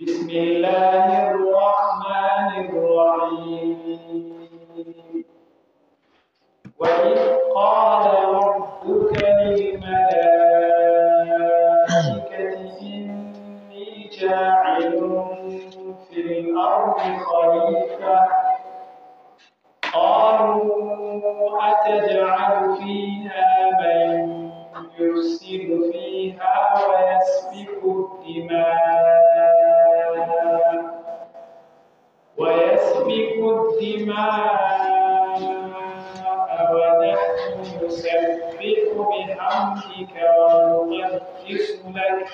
بسم الله الرحمن الرحيم وإذ قال ربك للملائكة إني جاعل في الأرض خليفة قالوا أتجعل فيها من يفسد فيها ويسفك الدماء ويسفك الدماء ونحن نسبح بحمدك ونقدس لك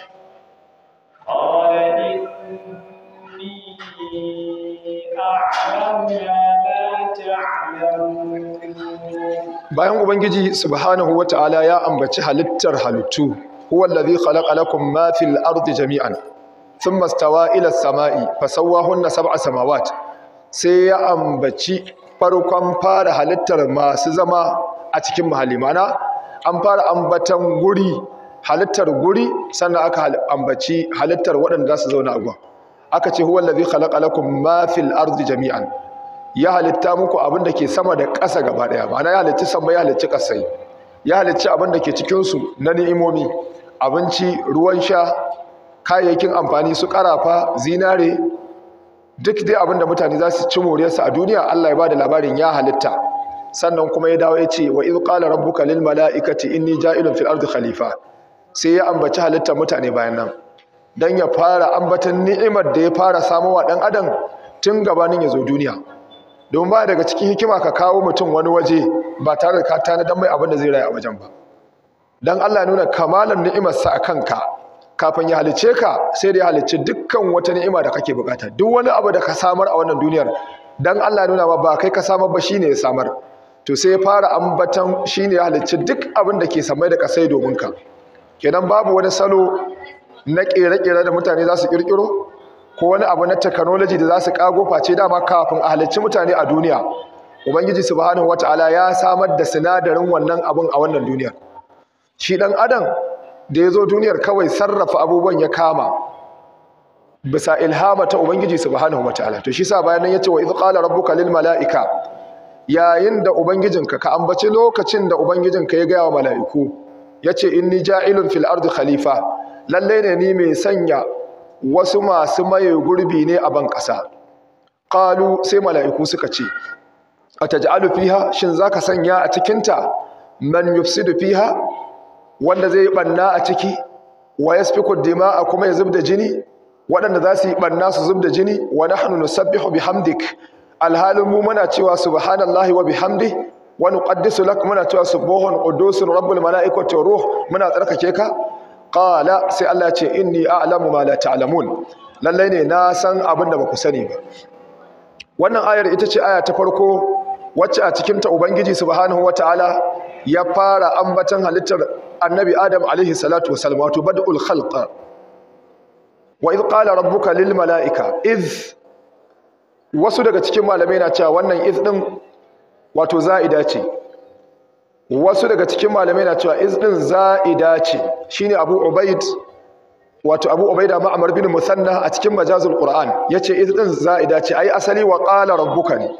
قال إني أعلم ما لا تعلمون bayan ubangiji subhanahu wataala ya ambaci halittar halittu huwa allazi khalaqa lakum ma fil ardi jami'an thumma istawa ila as-sama'i fasawwahunna sab'a samawat sai ya ambaci farkon fara halittar masu zama a cikin mahalli mana an fara ambatan guri halittar guri sannan aka ambaci halittar waɗanda za su zauna a gwa aka ce huwa allazi khalaqa lakum ma fil ardi jami'an ya halitta muku abin da ke sama da ƙasa gaba ɗaya ma'ana ya halicci sama ya halicci ƙasai ya halicci abin da ke cikinsu na ni'imomi abinci ruwan sha kayayyakin amfani su ƙarafa zinare duk dai abin da mutane za su ci moriyarsa a duniya Allah ya ba da labarin ya halitta sannan kuma ya dawo ya ce wa idh qala rabbuka lil mala'ikati inni ja'ilun fil ardi khalifa sai ya ambaci halittar mutane bayan nan dan ya fara ambatan ni'imar da ya fara samowa dan adam tun gabanin ya zo duniya domin ba daga cikin hikima ka kawo mutum wani waje ba tare da ka tanadar mai abin da zai rayu a wajen ba Don Allah nuna kamalan ni'imarsa a kanka kafin ya halice ka sai da ya halice dukkan wata ni'ima da kake bukata duk wani abu da ka samar a wannan duniyar don Allah nuna ma ba kai ka samar ba shine ya samar to sai ya fara ambatan shine ya halice duk abin da ke samai da kasai domin ka kenan babu wani salo na kere-kere da mutane za su kirkiro ko wani abu na technology da za su kago face dama kafin a halicci mutane a duniya ubangiji subhanahu wataala ya samar da sinadarin wannan abun a wannan duniyar shi dan adam da ya zo duniyar kawai sarrafa abubuwan ya kama bisa ilhama ta ubangiji subhanahu wataala to shi sa bayan nan yace wa idh qala rabbuka lil malaika yayin da ubangijinka ka ambaci lokacin da ubangijinka ya gaya wa mala'iku yace inni ja'ilun fil ardi khalifa lalle ne ni mai sanya wasu masu maye gurbi ne a ban ƙasa ƙalu sai mala'iku suka ce a taj'alu fiha shin zaka sanya a cikinta man yufsidu fiha wanda zai ɓanna a ciki wa yasfiku dima'a kuma ya zubda jini waɗanda za su yi ɓanna su zubda jini wa nahnu nusabbihu bihamdik alhalin mu muna cewa subhanallahi wa hamdi Wani ƙaddisu lak muna cewa subbuhun qudusun rabbul mala'ikati ruh muna tsarkake ka qala sai Allah ce inni a'lamu ma la ta'lamun lalle ne na san abin da baku sani ba wannan ayar ita ce aya ta farko wacce a cikin ta ubangiji subhanahu wataala ya fara ambatan halittar annabi adam alaihi salatu wasallam wato bad'ul khalq wa idh qala rabbuka lil malaika idh wasu daga cikin malamai na cewa wannan idh din wato za'ida ce wasu daga cikin malamai na cewa izdin za'ida ce shine abu ubaid wato abu ubaida ma'amar bin musanna a cikin majazul qur'an yace izdin za'ida ce ai asali wa qala rabbuka ne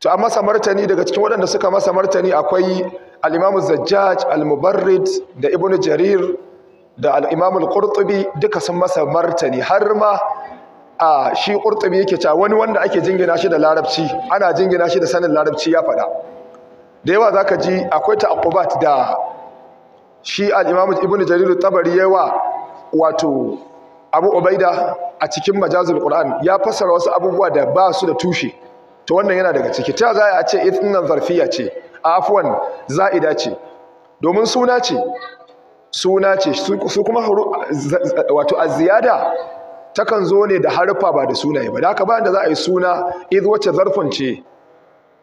to a masa martani daga cikin waɗanda suka masa martani akwai alimamu zajjaj al-mubarrid da ibnu jarir da al al-qurtubi duka sun masa martani har ma a shi qurtubi yake cewa wani wanda ake jingina shi da larabci ana jingina shi da sanin larabci ya faɗa da yawa za ka ji akwai ta'aqqubat da shi al’imamu Ibn Jarir tabari yawa wato Abu obaida a cikin majazin ya fassara wasu abubuwa da ba su da tushe Ta wannan yana daga ciki ta za a ce itinan zarfiya ce a afuwan za'ida ce domin suna ce suna ce su kuma wato a ziyada takan zo ne da harfa ba da sunaye ba da haka bayan da za a yi suna iz wacce zarfin ce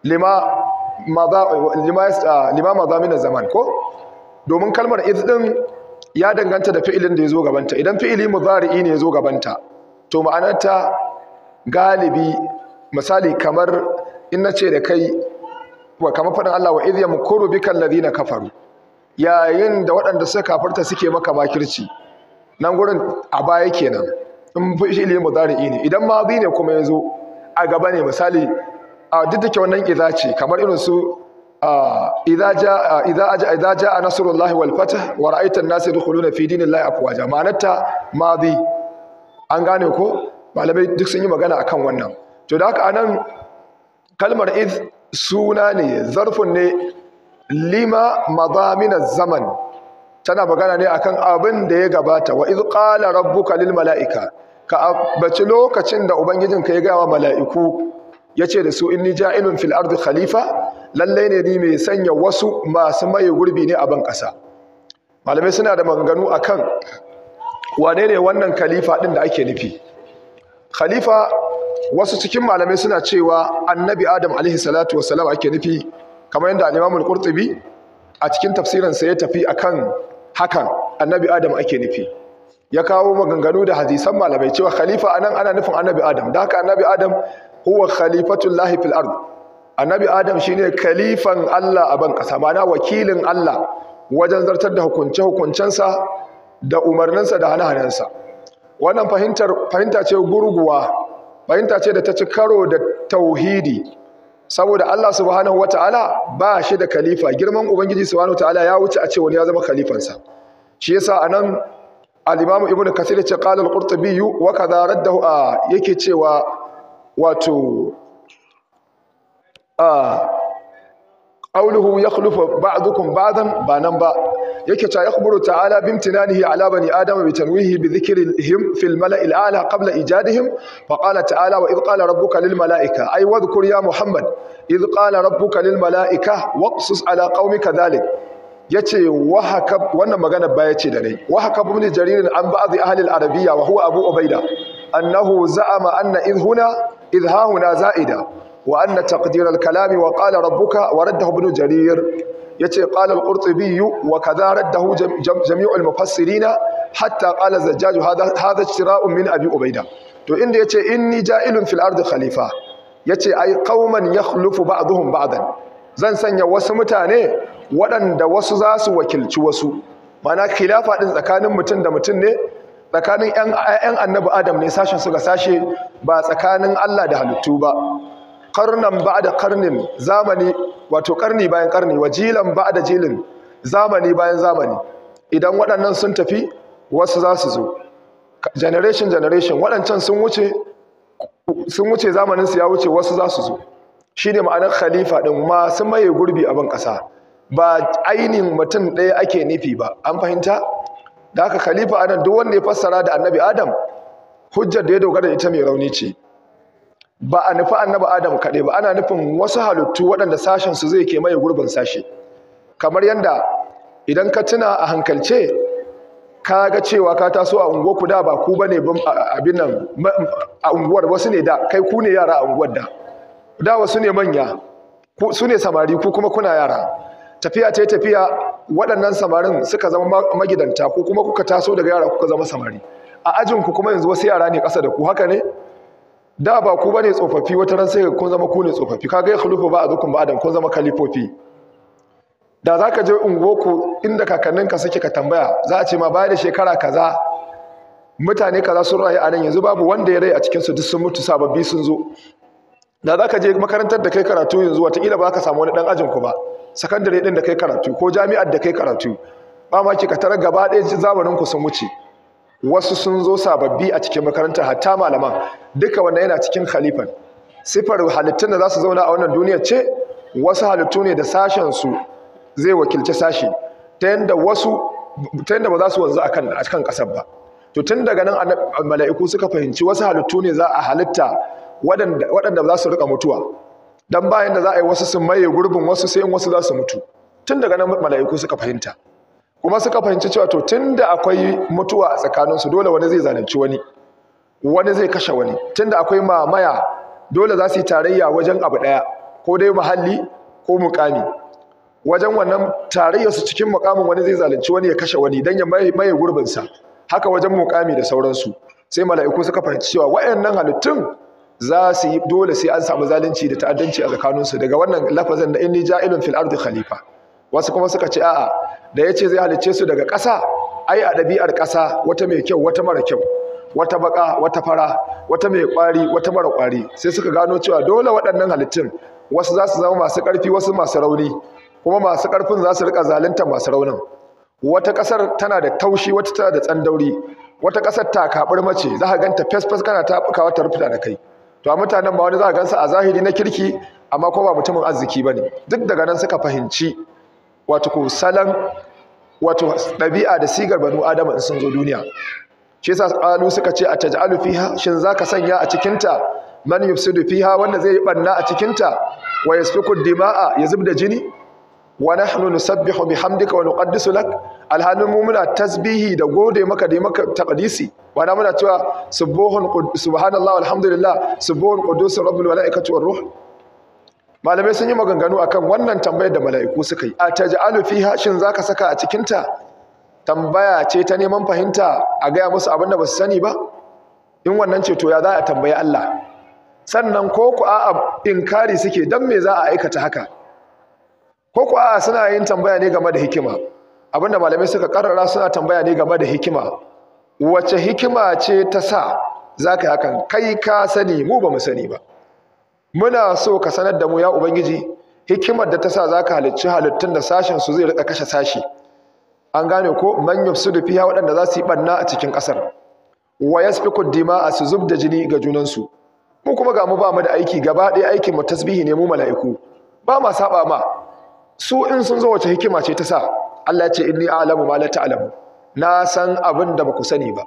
lima lima ah, zaman ko domin kalmar iz din ya danganta da fi'ilin da ya zo gabanta idan fi'ili mudari'i ne ya zo gabanta to ma'anarta galibi misali kamar in nace da kai wa kamar faɗin Allah wa iz yamkuru bikal ladina kafaru yayin da waɗanda suka kafarta suke maka makirci nan gurin a baya kenan in fi'ili mudari'i ne idan mazi ne kuma ya zo a gaba ne misali a duk da ke wannan idza ce kamar irin su idza jaa a nasrullahi wal fath wa ra'aita an-nasa yadkhuluna fi dinillahi afwaja ma'anarta madi an gane ko malamai duk sun yi magana a kan wannan to da haka anan kalmar iz suna ne zarfin ne lima madamin zaman tana magana ne akan abin da ya gabata wa iz qala rabbuka lil malaika ka bace lokacin da ubangijinka ya gaya wa mala'iku Ya ce da su inni ja'ilun fil ardi khalifa lallai ne ni mai sanya wasu masu maye gurbi ne a ban kasa malamai suna da maganganu akan wane ne wannan khalifa ɗin da ake nufi khalifa wasu cikin malamai suna cewa annabi adam alaihi salatu wassalam ake nufi kamar yadda al-imam qurtubi a cikin tafsirin sa ya tafi akan hakan annabi adam ake nufi ya kawo maganganu da hadisan malamai cewa khalifa anan ana nufin annabi adam da haka annabi adam huwa khalifatullahi fil ard annabi adam shine khalifan Allah a ban kasa wakilin Allah wajen zartar da hukunce hukuncensa da umarninsa da hana wannan fahimtar fahimta ce gurguwa fahimta ce da ta ci karo da tauhidi saboda Allah subhanahu wataala ba shi da khalifa girman ubangiji subhanahu wataala ya wuce a ce wani ya zama khalifansa shi yasa anan al-imamu ibnu kathir ya ce qala al-qurtubi wa kadha raddahu yake cewa wato a qauluhu yakhlufu ba'dukum ba'dan ba nan ba yake ta kuburu ta'ala bimtinanihi ala bani adam bi tanwihi bi dhikrihim fil mala'i al'a qabla ijadihim fa qala ta'ala wa idh qala rabbuka lil mala'ika ay wadhkur ya muhammad idh qala rabbuka lil mala'ika waqsus ala qaumika dhalik yace wahaka wannan magana ba yace da rai wahaka ibn jaririn an ba'd ahli al-arabiyya wa huwa abu ubaida annahu za'a anna idhuna idhahuna za'ida wa anna taqdir al-kalami wa qala rabbuka wa raddahu ibn jarir yace qala al-qurtubi wa kadha raddahu jami'u al-mufassirina hatta qala zajjaj hadha hadha ishtira'un min abi ubayda to inda yace in inni ja'ilun fil ardi khalifa yace ai qauman yakhlufu ba'dhum ba'dan zan sanya wasu mutane waɗanda wasu za su wakilci wasu mana khilafa ɗin tsakanin mutum da mutum ne tsakanin ‘yan annabi adam ne sashen su ga sashe ba tsakanin Allah da halittu ba karnan ba da karnin zamani wato karni bayan karni wajilan ba da jilin zamani bayan zamani idan waɗannan sun tafi wasu za su zo generation generation waɗancan sun wuce sun wuce zamanin su ya wuce wasu za su zo Shi ne ma'anar khalifa din masu maye gurbi a ƙasa ba ainihin mutum ɗaya ake nufi ba an fahimta da haka khalifa anan duk wanda ya fassara da annabi adam hujjar da ya dogara ita mai rauni ce ba a nufi annabi adam kaɗai ba ana nufin wasu halittu waɗanda sashen su zai ke maye gurbin sashe kamar yadda idan ka tuna a hankalce ka ga cewa ka taso a unguwar ku da ba ku bane abin nan a unguwar wasu ne da kai ku ne yara a unguwar da da wasu ne manya su ne samari ku kuma kuna yara tafiya ta yi tafiya waɗannan samarin suka zama magidanta ko kuma kuka taso daga yara kuka zama samari a ajinku kuma yanzu wasu yara ne ƙasa da ku haka ne da ba ku bane tsofaffi wata ran sai kun zama ku ne tsofaffi ka ga khulufu ba a ba adam kun zama kalifofi da za ka je unguwarku inda kakanninka suke ka tambaya za a ce ma baya da shekara kaza mutane kaza sun rayu a nan yanzu babu wanda ya rai a cikinsu duk sun mutu sababbi sun zo da za ka je makarantar da kai karatu yanzu watakila ba za ka samu wani ɗan ajinku ba sakandare din da kai karatu ko jami'ar da kai karatu ba ma ki ka tarar gaba ɗaya zamanin ku sun wuce wasu sun zo sababbi a cikin makaranta hatta malaman duka wannan yana cikin khalifan sifar halittun da za su zauna a wannan duniya ce wasu halittu ne da sashen su zai wakilci sashi ta yanda wasu ta yanda ba za su wanzu akan akan kasar ba to tun daga nan mala'iku suka fahimci wasu halittu ne za a halitta waɗanda za su rika mutuwa dan bayan da za a yi wasu sun maye gurbin wasu sai in wasu za su mutu tun daga nan mala'iku suka fahimta kuma suka fahimci cewa to tunda akwai mutuwa a tsakaninsu dole wani zai zalunci wani wani zai kashe wani tunda akwai mamaya dole za su yi tarayya wajen abu daya ko dai muhalli ko mukami wajen wannan tarayya su cikin mukamin wani zai zalunci wani ya kashe wani dan ya maye gurbin sa, haka wajen mukami da sauransu sai mala'iku suka fahimci cewa waɗannan halittun za su yi dole sai an samu zalunci da ta'addanci a tsakaninsu daga wannan lafazin da inni ja'ilun fil ardi khalifa wasu kuma suka ce a'a da yace zai halicce su daga ƙasa ai a dabi'ar ƙasa wata mai kyau wata mara kyau wata baka wata fara wata mai kwari wata mara kwari sai suka gano cewa dole waɗannan halittun wasu za su zama masu ƙarfi wasu masu rauni kuma masu ƙarfin za su rika zalunta masu raunin wata ƙasar tana da taushi wata tana da tsandauri wata ƙasar ta kaɓar mace za ka ganta fes kana ta kawo ta rufuta da kai to a mutanen ba wani za a gansa a zahiri na kirki amma ko ba mutumin arziki ba ne duk daga nan suka fahimci wato ko salon wato ɗabi'a da sigar banu adama in sun zo duniya shi yasa alu suka ce a taj'alu fiha shin zaka sanya a cikinta man yufsidu fiha wanda zai yi banna a cikinta wa yasfiku dima'a ya da jini wa nahnu nusabbihu bihamdika wa nuqaddisu lak alhalin mu muna tasbihi da gode maka da maka taqdisi wanda muna cewa subbuhun subhanallahi walhamdulillah subbuhun qudusur rabbul malaikati war ruh malamai sun yi maganganu akan wannan tambayar da mala'iku suka yi a taj'alu fiha shin zaka saka a cikin tambaya ce ta neman fahimta a gaya musu abin da ba su sani ba in wannan ce to ya za a tambayi Allah sannan ko ku a inkari suke dan me za a aikata haka ko kuwa suna yin tambaya ne game da hikima abinda malamai suka karara suna tambaya ne game da hikima wace hikima ce ta sa za ka yi hakan kai ka sani mu ba mu sani ba muna so ka sanar da mu ya ubangiji hikimar da ta sa za ka halicci halittun da sashen su zai rika kashe sashi an gane ko man da fiya waɗanda za su yi ɓanna a cikin ƙasar wa kuddima a su zub da jini ga junansu mu kuma ga mu ba mu da aiki gaba ɗaya aikin mu tasbihi ne mu mala'iku ba ma saba ma su in sun zo wace hikima ce ta sa Allah ya ce inni a'lamu ma la ta'lamu na san abin da ba ku sani ba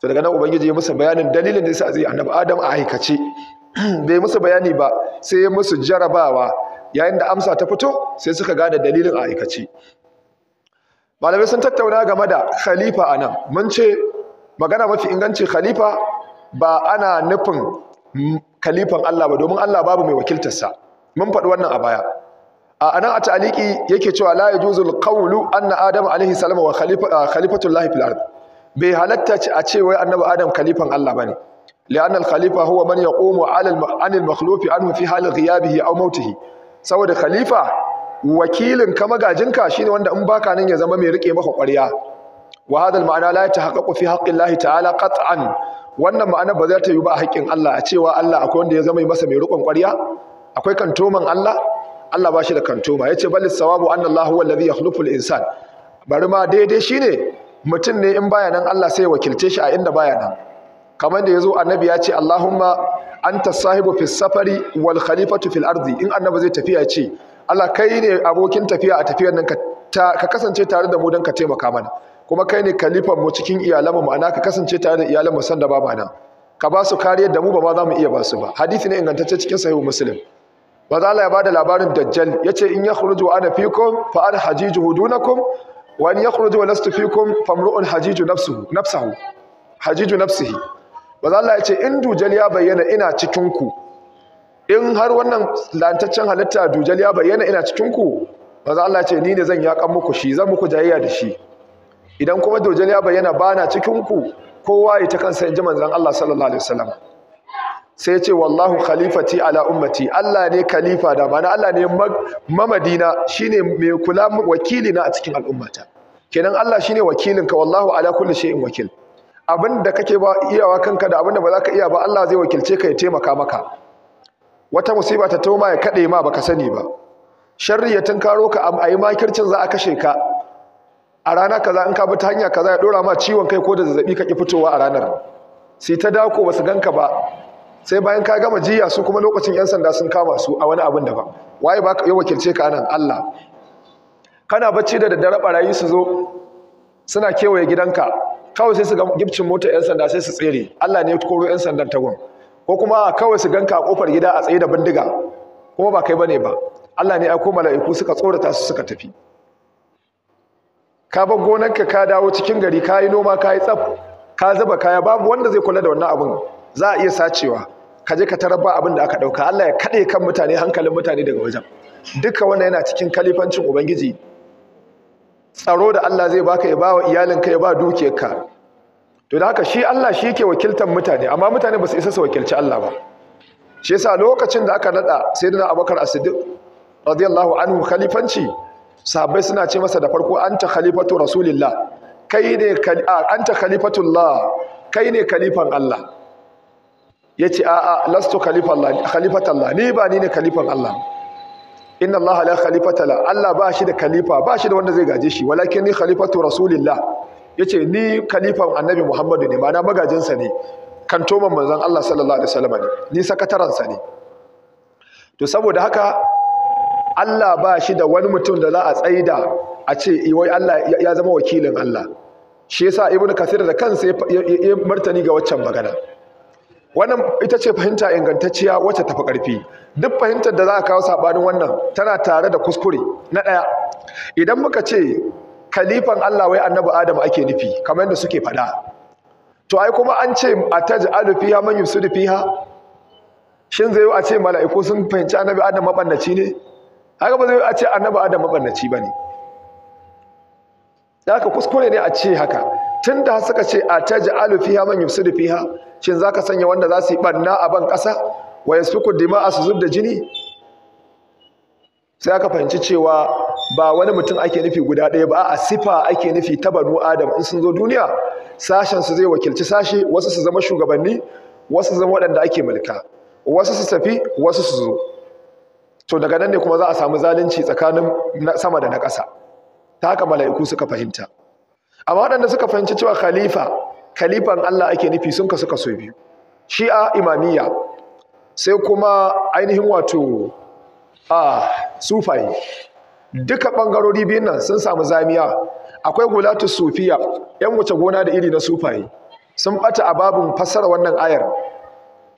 to daga nan ubangiji ya musu bayanin dalilin da yasa zai annabi adam a aikace bai musu bayani ba sai ya musu jarabawa yayin da amsa ta fito sai suka gane dalilin a aikace malamai sun tattauna game da khalifa anan mun ce magana mafi inganci khalifa ba ana nufin khalifan Allah ba domin Allah babu mai wakiltarsa mun faɗi wannan a baya a nan a ta'aliki yake cewa la yajuzul qawlu anna adam alaihi salam wa khalifatullah fil ard bai halatta a cewa wai annabi adam khalifan Allah bane لأن الخليفة هو من يقوم على عن المخلوف عنه في حال غيابه أو موته saboda khalifa wakilin ka magajinka shine wanda in baka nan ya zama mai rike maka kwarya wa ma'ana la yatahaqqaqu fi haqqi Allah ta'ala qat'an wannan ma'ana ba za ta yi ba a hakkin Allah a cewa Allah akwai wanda ya zama masa mai riƙon ƙwarya akwai kantoman Allah Allah ba shi da kantoma ce balis sawabu annallahu Allah huwa alladhi yakhluqu al-insan bari ma daidai shine mutum ne in baya nan Allah sai ya wakilce shi a inda baya nan kamar da ya zo annabi ya ce Allahumma anta sahibu fis safari wal khalifatu fil ardi in annabi zai tafiya ce Allah kai ne abokin tafiya a tafiyar nan ka kasance tare da mu don ka taimaka mana kuma kai ne kalifan mu cikin iyalanmu ma'ana ka kasance tare da iyalan mu sanda ba nan ka ba kariyar da mu ba ma za mu iya ba su ba hadisi ne ingantacce cikin sahihu muslim maza Allah ya bada labarin dajjal yace in yakhruju ana fikum fa ana hajiju dunakum wa in yakhruju lastu fikum famru'un hajiju nafsuhu nafsuhu hajiju nafsihi maza Allah yace in dujal ya bayyana ina cikin ku in har wannan lantaccen halitta dujal ya bayyana ina cikin ku maza Allah yace ni ne zan yakan muku shi zan muku jayayya da shi idan kuma dujal ya bayyana bana cikin ku kowa ita kansa inji manzon Allah sallallahu alaihi wasallam sai ya ce wallahu khalifati ala ummati Allah ne khalifa da mana Allah ne mamadina shine mai kula wakili na a cikin al'ummata kenan Allah shine wakilin ka wallahu ala kulli shay'in wakil Abinda da kake ba iyawa kanka da abin da ba za ka iya ba Allah zai wakilce ka ya taimaka maka wata musiba ta tauma ya kade ma baka sani ba sharri ya tunkaro ka a yi makircin za a kashe ka a rana kaza in ka bi ta hanya kaza ya dora ma ciwon kai ko da zazzabi ka ki fitowa a ranar sai ta dako basu ganka ba sai bayan ka gama jiya su kuma lokacin yan sanda sun kama su a wani abin daban waye ba ya wakilce ka nan Allah kana bacci da daddare barayi su zo suna kewaye gidanka kawai sai su ga gibcin mota yan sanda sai su tsere Allah ne ya koro yan sandan tagon ko kuma kawai su ganka a kofar gida a tsaye da bindiga kuma ba kai bane ba Allah ne ya ko mala'iku suka tsorata su suka tafi ka bar gonarka ka dawo cikin gari ka yi noma ka yi tsaf ka zuba kaya babu wanda zai kula da wannan abun za a iya sacewa ka je ka tarba abin da aka ɗauka. Allah ya kaɗe kan mutane hankalin mutane daga wajen duka wannan yana cikin kalifancin ubangiji tsaro da Allah zai baka ya ba wa iyalinka ya ba dukiyarka to da haka shi Allah shi yake wakiltar mutane amma mutane ba su isa su wakilci Allah ba shi yasa lokacin da aka nada sayyidina Abubakar As-Siddiq radiyallahu anhu khalifanci sahabbai suna ce masa da farko anta khalifatu rasulillah kai ne anta khalifatullah kai ne khalifan Allah ya ce a'a lastu khalifatan Allah ni ba ni ne khalifan Allah inna Allah la khalifata Allah ba shi da khalifa ba shi da wanda zai gaje shi walakin ni khalifatu rasulillah Ya ce ni khalifan annabi Muhammadu ne ma'ana magajinsa ne kantoman manzan Allah sallallahu alaihi wasallam ne ni sakataransa ne to saboda haka Allah ba shi da wani mutum da za a tsaida a ce eh, wai Allah ya zama wakilin Allah shi yasa ibnu kathir da kansa ya martani ga waccan magana wannan ita ce fahimta ingantacciya wacce tafi ƙarfi duk fahimtar da za a kawo saɓanin wannan tana tare da kuskure na ɗaya idan muka ce kalifan Allah wai annabi Adam ake nufi kamar yadda suke faɗa to ai kuma an ce a ataj'alu fiha man yufsidu fiha shin zai yi a ce mala'iku sun fahimci annabi Adam mabannaci ne haka ba zai yi a ce annabi Adam mabannaci bane ne. haka kuskure ne a ce haka tun da suka ce a ta ja'alu fiha man yufsidu fiha shin zaka sanya wanda za su yi barna a ban ƙasa wa yasfiku dima'a su zubda jini sai aka fahimci cewa ba wani mutum ake nufi guda ɗaya ba a sifa ake nufi ta banu adam in sun zo duniya sashen su zai wakilci sashe wasu su zama shugabanni wasu zama waɗanda ake mulka wasu su tafi wasu su zo to daga nan ne kuma za a samu zalunci tsakanin sama da na ƙasa ta haka mala'iku suka fahimta amma waɗanda suka fahimci cewa khalifa khalifan Allah ake nufi sun kasu kaso biyu shi'a imamiyya sai kuma ainihin wato a sufai duka ɓangarori biyun nan sun samu zamiya akwai gulatu sufiya yan wuce gona da iri na sufai sun ɓata a babin fassara wannan ayar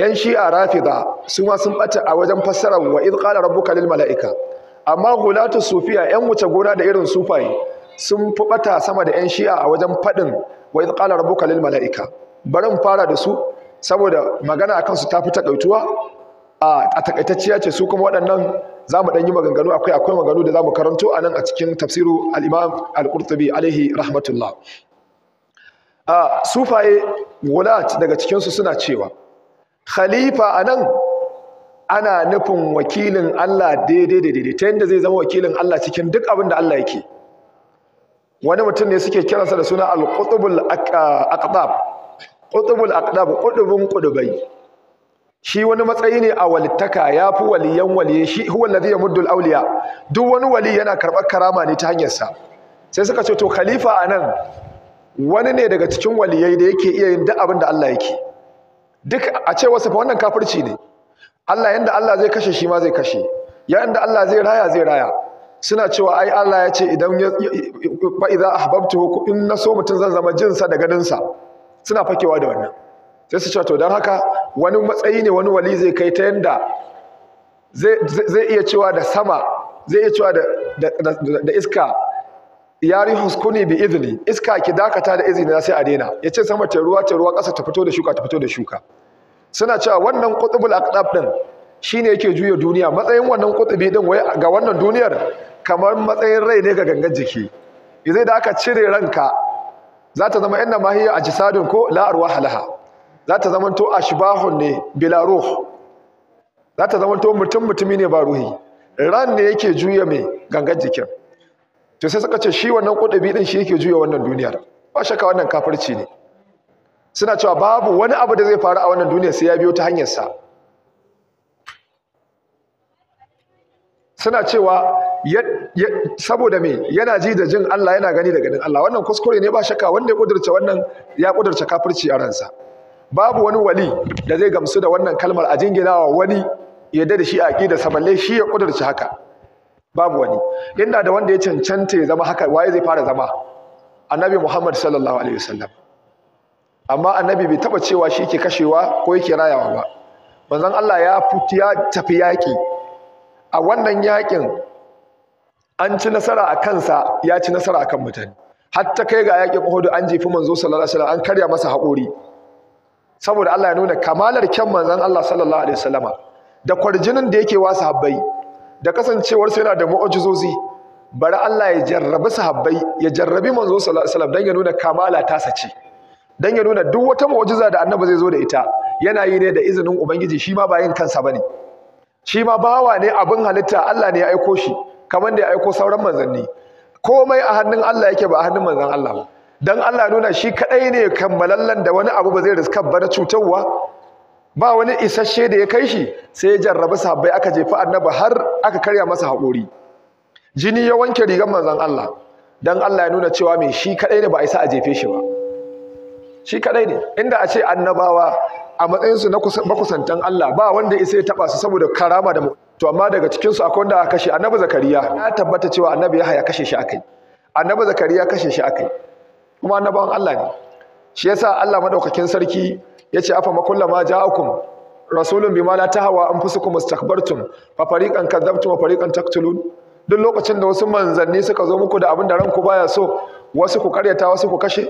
yan shi'a rafida su ma sun ɓata a wajen fassara wa idh qala rabbuka lil mala'ika amma gulatu sufiya yan wuce gona da irin sufai sun fi ɓata sama da 'yan shi'a a wajen faɗin wa idh ƙalar rabbuka lil mala'ika barin fara da su saboda magana a kansu ta fi taƙaituwa, a taƙaitacciya ce su kuma waɗannan za mu ɗan yi maganganu akwai akwai maganganu da za mu karanto a nan a cikin tafsiru al-imam al-qurtubi alaihi rahmatullah a sufaye gulat daga cikinsu suna cewa khalifa a nan ana nufin wakilin Allah daidai da daidai ta yadda zai zama wakilin Allah cikin duk abin da Allah yake wani mutum ne suke kiransa da suna al-qutubul ah, aqdab qutubul aqdab qutubun qudubai shi wani matsayi ne a walittaka ya waliyan waliye shi huwa alladhi yamuddu al-awliya duk wani wali yana karbar karama ne ta hanyar sa sai suka ce to khalifa anan wani ne daga cikin waliyai da yake iya yin duk abin da Allah yake duk a ce wasu fa wannan kafirci ne Allah yanda Allah zai kashe shi ma zai kashe yanda Allah zai raya zai raya suna cewa ai Allah ya ce idan fa idza ahbabtuhu in na so mutum zan zama jinsa da ganinsa suna fakewa da wannan sai su ce to don haka wani matsayi ne wani wali zai kai ta yanda zai iya cewa da sama zai iya cewa da iska yari huskuni bi izini iska ki dakata da izini na sai a daina ya ce sama ta ruwa ta ruwa ƙasa ta fito da shuka ta fito da shuka suna cewa wannan qutbul aqdab din shine yake juya duniya matsayin wannan qutbi din wai ga wannan duniyar kamar matsayin rai ne ga gangan jiki idan da aka cire ranka za ta zama inna ma hiya ajsadun ko la halaha. laha za ta zama to ashbahun ne bila ruh za ta zama to mutum mutumi ne ba ruhi ran ne yake juya mai gangan jikin to sai suka ce shi wannan kudabi din shi yake juya wannan duniyar ba shakka wannan kafirci ne suna cewa babu wani abu da zai faru a wannan duniya sai ya biyo ta hanyarsa. suna cewa saboda me yana ji da jin Allah yana gani da ganin Allah wannan kuskure ne ba shaka. wanda ya kudurce wannan ya kudurce kafirci a ransa babu wani wali da zai gamsu da wannan kalmar a wa wani ya da shi a aqida saballe shi ya kudurce haka babu wani inda da wanda ya cancanta ya zama haka waye zai fara zama annabi Muhammad sallallahu alaihi wasallam amma annabi bai taba cewa shi ke kashewa ko yake rayawa ba manzon Allah ya tafi yaki a wannan yakin an ci nasara a kansa ya ci nasara a kan mutane hatta kai ga yakin kohodu an jefi manzo sallallahu alaihi wasallam an karya masa haƙori saboda Allah ya nuna kamalar kyan manzon Allah sallallahu alaihi wasallama da kwarjinin da yake wasu sahabbai da kasancewar sai yana da mu'ajizozi bari Allah ya jarrabi sahabbai ya jarrabi manzo sallallahu alaihi wasallam dan ya nuna kamala ta sace dan ya nuna duk wata mu'ujiza da annabi zai zo da ita yana yi ne da izinin ubangiji shi ma ba yin kansa bane shi ma bawa ne abin halitta Allah ne ya aiko shi kamar da ya aiko sauran manzanni komai a hannun Allah yake ba a hannun manzan Allah ba dan Allah nuna shi kadai ne kammalallen da wani abu ba zai riska ba na cutarwa ba wani isasshe da ya kai shi sai ya jarrabi sahabbai aka jefa annaba har aka karya masa haƙori jini ya wanke rigar manzan Allah dan Allah ya nuna cewa me shi kadai ne ba a isa a jefe shi ba shi kadai ne inda a ce annabawa a matsayinsu na makusantan Allah ba wanda isa ya taba su saboda karama da to amma daga cikin su akwai wanda aka kashe annabi zakariya ya tabbata cewa annabi yahaya kashe shi akai annabi zakariya kashe shi akai kuma annaban Allah ne shi yasa Allah madaukakin sarki ya yace afa ja ja'akum rasulun bima la tahwa anfusukum istakbartum fa fariqan kadzabtum wa fariqan taqtulun duk lokacin da wasu manzanni suka zo muku da abin da ranku baya so wasu ku karyata wasu ku kashe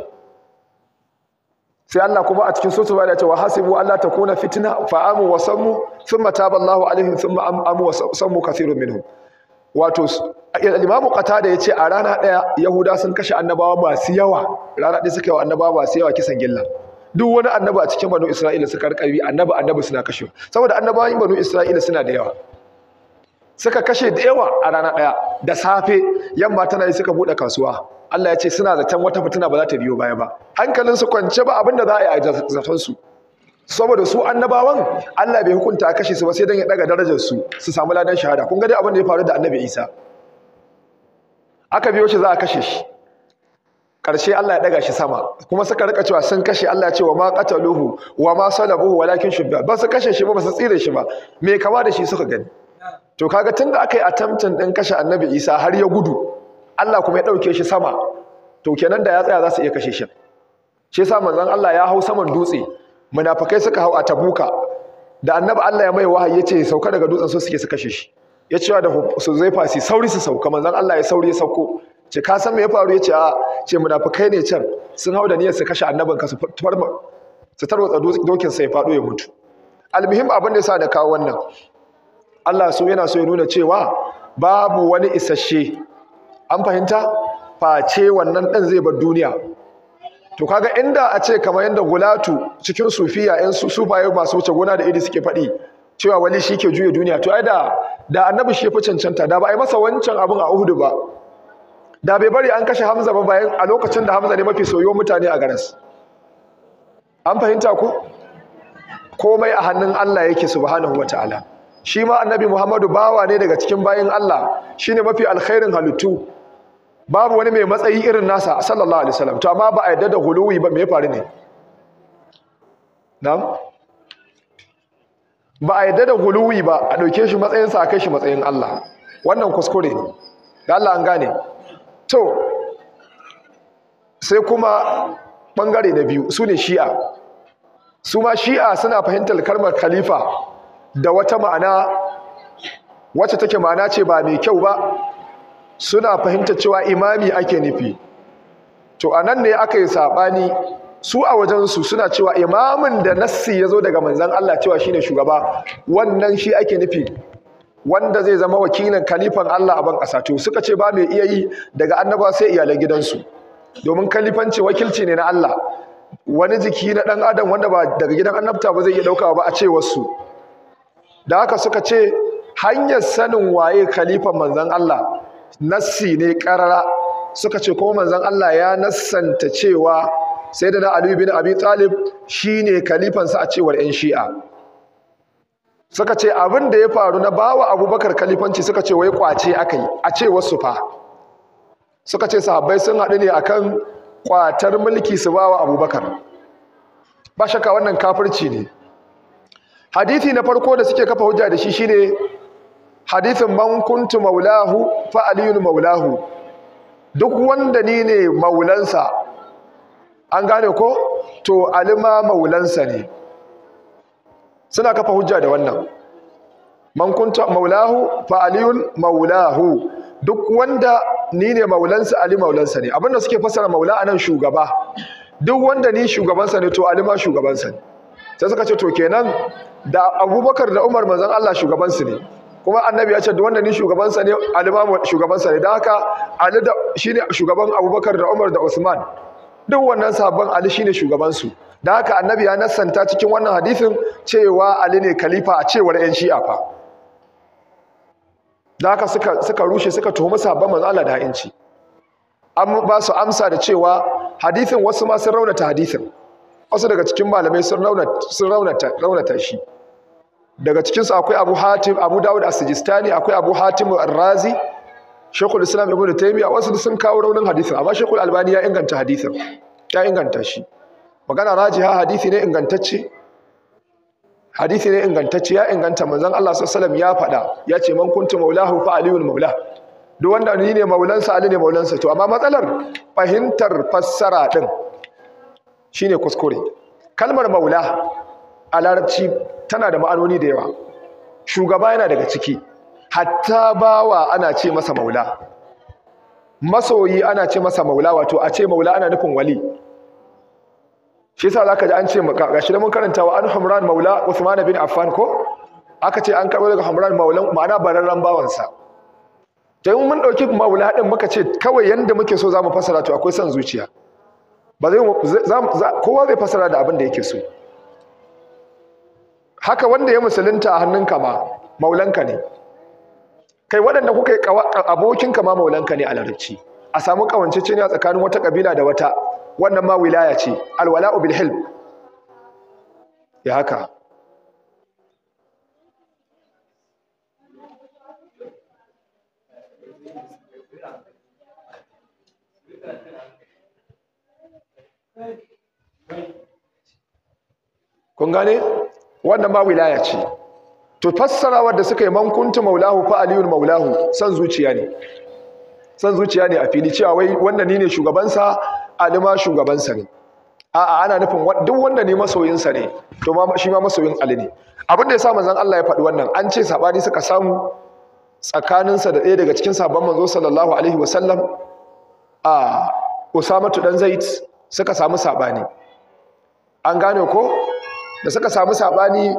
sai Allah kuma a cikin sosu bada ya ce wa hasibu ta kuna fitina? fa amu wa sammu mata. Ba Allahu alaihim sun amu wa sammu kathirun minhum wato Imam da ya ce a rana ɗaya Yahuda sun kashe annabawa masu yawa rana ɗaya suka yi wa annabawa masu yawa kisan gilla duk wani annaba a cikin banu Isra'ila suka rikabi annaba annabi suna kashe saboda annabawan banu Isra'ila suna da yawa suka kashe da yawa a rana ɗaya da safe yamma tana yi suka buɗe kasuwa Allah ya ce suna zaton wata fitina ba za ta biyo baya ba hankalinsu kwance ba abinda za a yi a zatonsu saboda su annabawan Allah bai hukunta a kashe su ba sai dan ya daga darajar su su samu ladan shahada kun ga dai abin da ya faru da annabi Isa aka biyo shi za a kashe shi karshe Allah ya daga shi sama kuma suka rika cewa sun kashe Allah ya ce wa ma qataluhu wa ma salabuhu walakin shubba ba su kashe shi ba ba su tsire shi ba me kama da shi suka gani to kaga tunda aka yi attempting din kashe annabi Isa har ya gudu Allah kuma ya ɗauke shi sama to kenan da ya tsaya za su iya kashe shi shi yasa manzon Allah ya hau saman dutse munafikai suka hau a tabuka da annabi Allah ya mai wahayi yace sauka daga dutsen su suke su kashe shi ya cewa da su zai fasi sauri su sauka manzon Allah ya sauri ya sauko ce ka san me ya faru yace a ce munafikai ne can sun hau da niyyar su kashe annabin ka su farma su tarwatsa dokin sa ya fado ya mutu almuhim abin da sa da kawo wannan Allah su yana so ya nuna cewa babu wani isasshe an fahimta face wannan ɗan zai bar duniya to kaga inda a ce kamar yadda gulatu cikin sufiya yan sufaye masu wuce gona da iri suke faɗi cewa wani shi ke juya duniya to ai da da annabi shi fi cancanta da ba a yi masa wancan abin a uhudu ba da bai bari an kashe hamza ba bayan a lokacin da hamza ne mafi soyuwar mutane a garas an fahimta ku komai a hannun allah yake subhanahu wataala shi ma annabi muhammadu bawa ne daga cikin bayin allah shine mafi alkhairin halittu babu wani mai matsayi irin nasa sallallahu alaihi wasallam to amma ba a yadda da huluwi ba me ya faru ne nan? ba a yadda da huluwi ba a dauke shi matsayin sa kai shi matsayin Allah wannan kuskure ne da Allah an gane to sai kuma bangare na biyu su ne shi'a su ma shi'a suna fahimtar kalmar khalifa da wata ma'ana wacce take ma'ana ce ba mai kyau ba suna fahimta cewa imami ake nufi to anan ne aka yi sabani su a wajensu suna cewa imamin da nassi ya zo daga manzan Allah cewa shine shugaba wannan shi ake nufi wanda zai zama wakilin kalifan Allah a ban ƙasa to suka ce ba mai iya yi daga annaba sai iyalan gidansu domin kalifanci wakilci ne na Allah wani jiki na ɗan adam wanda ba daga gidan annabta ba zai iya ɗauka ba a ce wasu da haka suka ce hanyar sanin waye kalifan manzan Allah nassi ne karara suka ce kuma manzon Allah ya nassanta cewa sayyidina Ali bin Abi Talib shine kalifansa a cewar yan Shi'a suka ce abin da ya faru na bawa Abubakar kalifanci suka ce wai kwace akai a cewar su fa suka ce sahabbai sun haɗu ne akan kwatar mulki su bawa Abubakar ba shaka wannan kafirci ne hadisi na farko da suke kafa hujja da shi shine hadithin man kuntu maulahu fa aliyun maulahu duk wanda ni ne maulansa an gane ko to alima maulansa ne suna kafa hujja da wannan man kuntu maulahu fa aliyun maulahu duk wanda ni ne maulansa ali maulansa ne abinda suke fassara maula anan shugaba duk wanda ni shugabansa ne to alima shugabansa ne sai suka ce to kenan da abubakar da umar manzon allah shugabansu ne kuma annabi ya ce duk wanda ni shugabansa ne alimamu shugabansa ne da haka Ali da shine shugaban Abubakar da Umar da Usman duk wannan sahabban Ali shine shugabansu da haka annabi ya nassanta cikin wannan hadisin cewa Ali ne khalifa a cewar 'yan Shi'a fa da haka suka suka rushe suka tuhumi sahabban manzo Allah da ha'inci an ba su amsa da cewa hadisin wasu ma sun raunata hadisin wasu daga cikin malamai sun raunata sun raunata raunata shi daga cikinsu akwai abu hatim abu dawud as-sijistani akwai abu hatim ar-razi shekul islam ibn taymiya wasu sun kawo raunin hadisin amma shekul albani ya inganta hadisin ya inganta shi magana rajiha hadisi ne ingantacce hadisi ne ingantacce ya inganta manzon Allah sallallahu ya faɗa ya ce man kuntu maulahu fa aliyul maula duk wanda ni ne maulansa ali ne maulansa to amma matsalar fahimtar fassara din shine kuskure kalmar maula a larabci tana da ma'anoni da yawa shugaba yana daga ciki hatta bawa ana ce masa maula masoyi ana ce masa maula wato a ce maula ana nufin wali shi yasa zaka ji an ce maka gashi da mun karanta wa an maula usman bin Affan ko aka ce an karbo daga Humran maulan ma'ana bararran bawansa to mun dauki maula din muka ce kawai yanda muke so zamu fasara to akwai son zuciya ba zai kowa zai fasara da abin da yake so haka wanda ya musulunta a hannunka ma maulanka ne kai waɗanda kuka yi abokinka ma maulanka ne a larabci a samu kawance a tsakanin wata kabila da wata wannan ma wilaya ce alwala'u bil hilm ya haka kun gane wannan ma wilaya ce to fassarawar da suka yi mankuntu, maulahu fa aliyun maulahu san zuciya ne san zuciya ne a fili cewa wai wanda ni ne shugabansa alima shugabansa ne a'a ana nufin duk wanda ne masoyinsa ne to ma shi ma masoyin ali ne abin da ya sa manzon Allah ya faɗi wannan an ce sabani suka samu tsakaninsa da ɗaya daga cikin sabon manzo sallallahu alaihi wasallam a Usamatu dan Zaid suka samu sabani an gane ko da suka samu sabani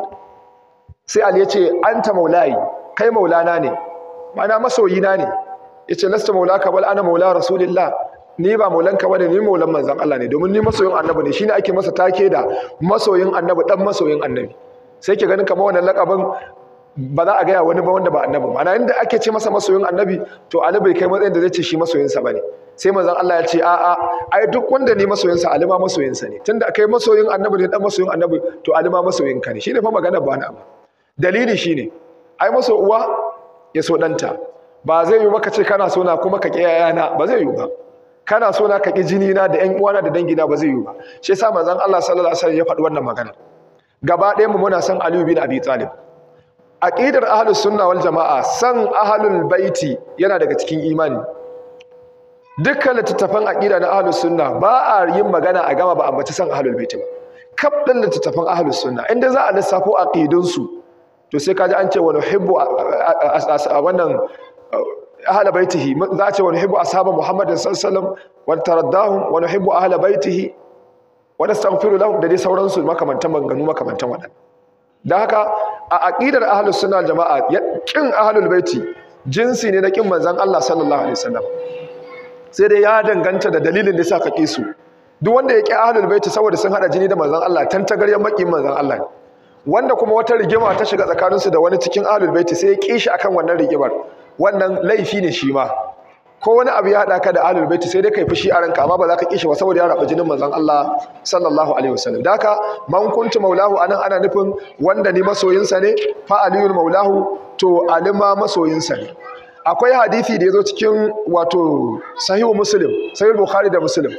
sai ali ya ce anta maulayi kai maulana ne mana masoyina ne yace lasta maulaka bal ana maula rasulillah ni ba maulanka bane ni maulan manzon Allah ne domin ni masoyin annabi ne shine ake masa take da masoyin annabi dan masoyin annabi sai ke ganin kamar wannan lakabin ba za a gaya wani ba wanda ba annabi mana inda ake ce masa masoyin annabi to ali bai kai matsayin da zai ce shi masoyinsa bane sai manzon Allah ya ce a'a ai duk wanda ne masoyinsa alima masoyinsa ne tunda kai masoyin annabi ne dan masoyin annabi to alima masoyin ka ne shine fa magana ba na ba dalili shine ai maso uwa ya so danta ba zai yi maka ce kana sona kuma ka ki yayana ba zai yi ba kana sona ka ki jini na da ƴan uwana da dangina ba zai yi ba shi yasa manzon Allah sallallahu alaihi wasallam ya faɗi wannan magana gaba ɗaya mu muna son Aliyu bin Abi Talib aqidar ahlus sunna wal jamaa san ahlul baiti yana daga cikin imani dukkan littattafan aqida na ahlus sunna ba a yin magana a gama ba a mace san ahlul bait ba kaf din littattafan ahlus sunna inda za a lissafo aqidun su to sai kaji an ce wa nuhibbu wannan ahla baitihi za a ce wa nuhibbu ashabu muhammadin sallallahu alaihi wasallam wa taraddahum wa nuhibbu ahla baitihi wa nastaghfiru lahum da dai sauransu makamantan maganganu makamantan wadannan dan haka a aqidar ahlus sunna jama'a kin ahlul baiti jinsi ne na kin manzon Allah sallallahu alaihi wasallam sai dai ya danganta da dalilin da sa ka ƙi su duk wanda ya ƙi ahlul baiti saboda sun hada jini da manzon Allah tantagaryen maki manzon Allah wanda kuma wata rigima ta shiga tsakanin su da wani cikin ahlul baiti sai ya kishi shi akan wannan rigimar wannan laifi ne shi ma ko wani abu ya hada ka da ahlul baiti sai dai kai fushi a ranka amma ba za ka kishi ba saboda ya raba jinin manzon Allah sallallahu alaihi wasallam da man kuntu maulahu anan ana nufin wanda ni masoyinsa ne fa aliyul maulahu to alima masoyinsa ne akwai hadisi da ya zo cikin wato sahihu muslim sahihu bukhari da muslim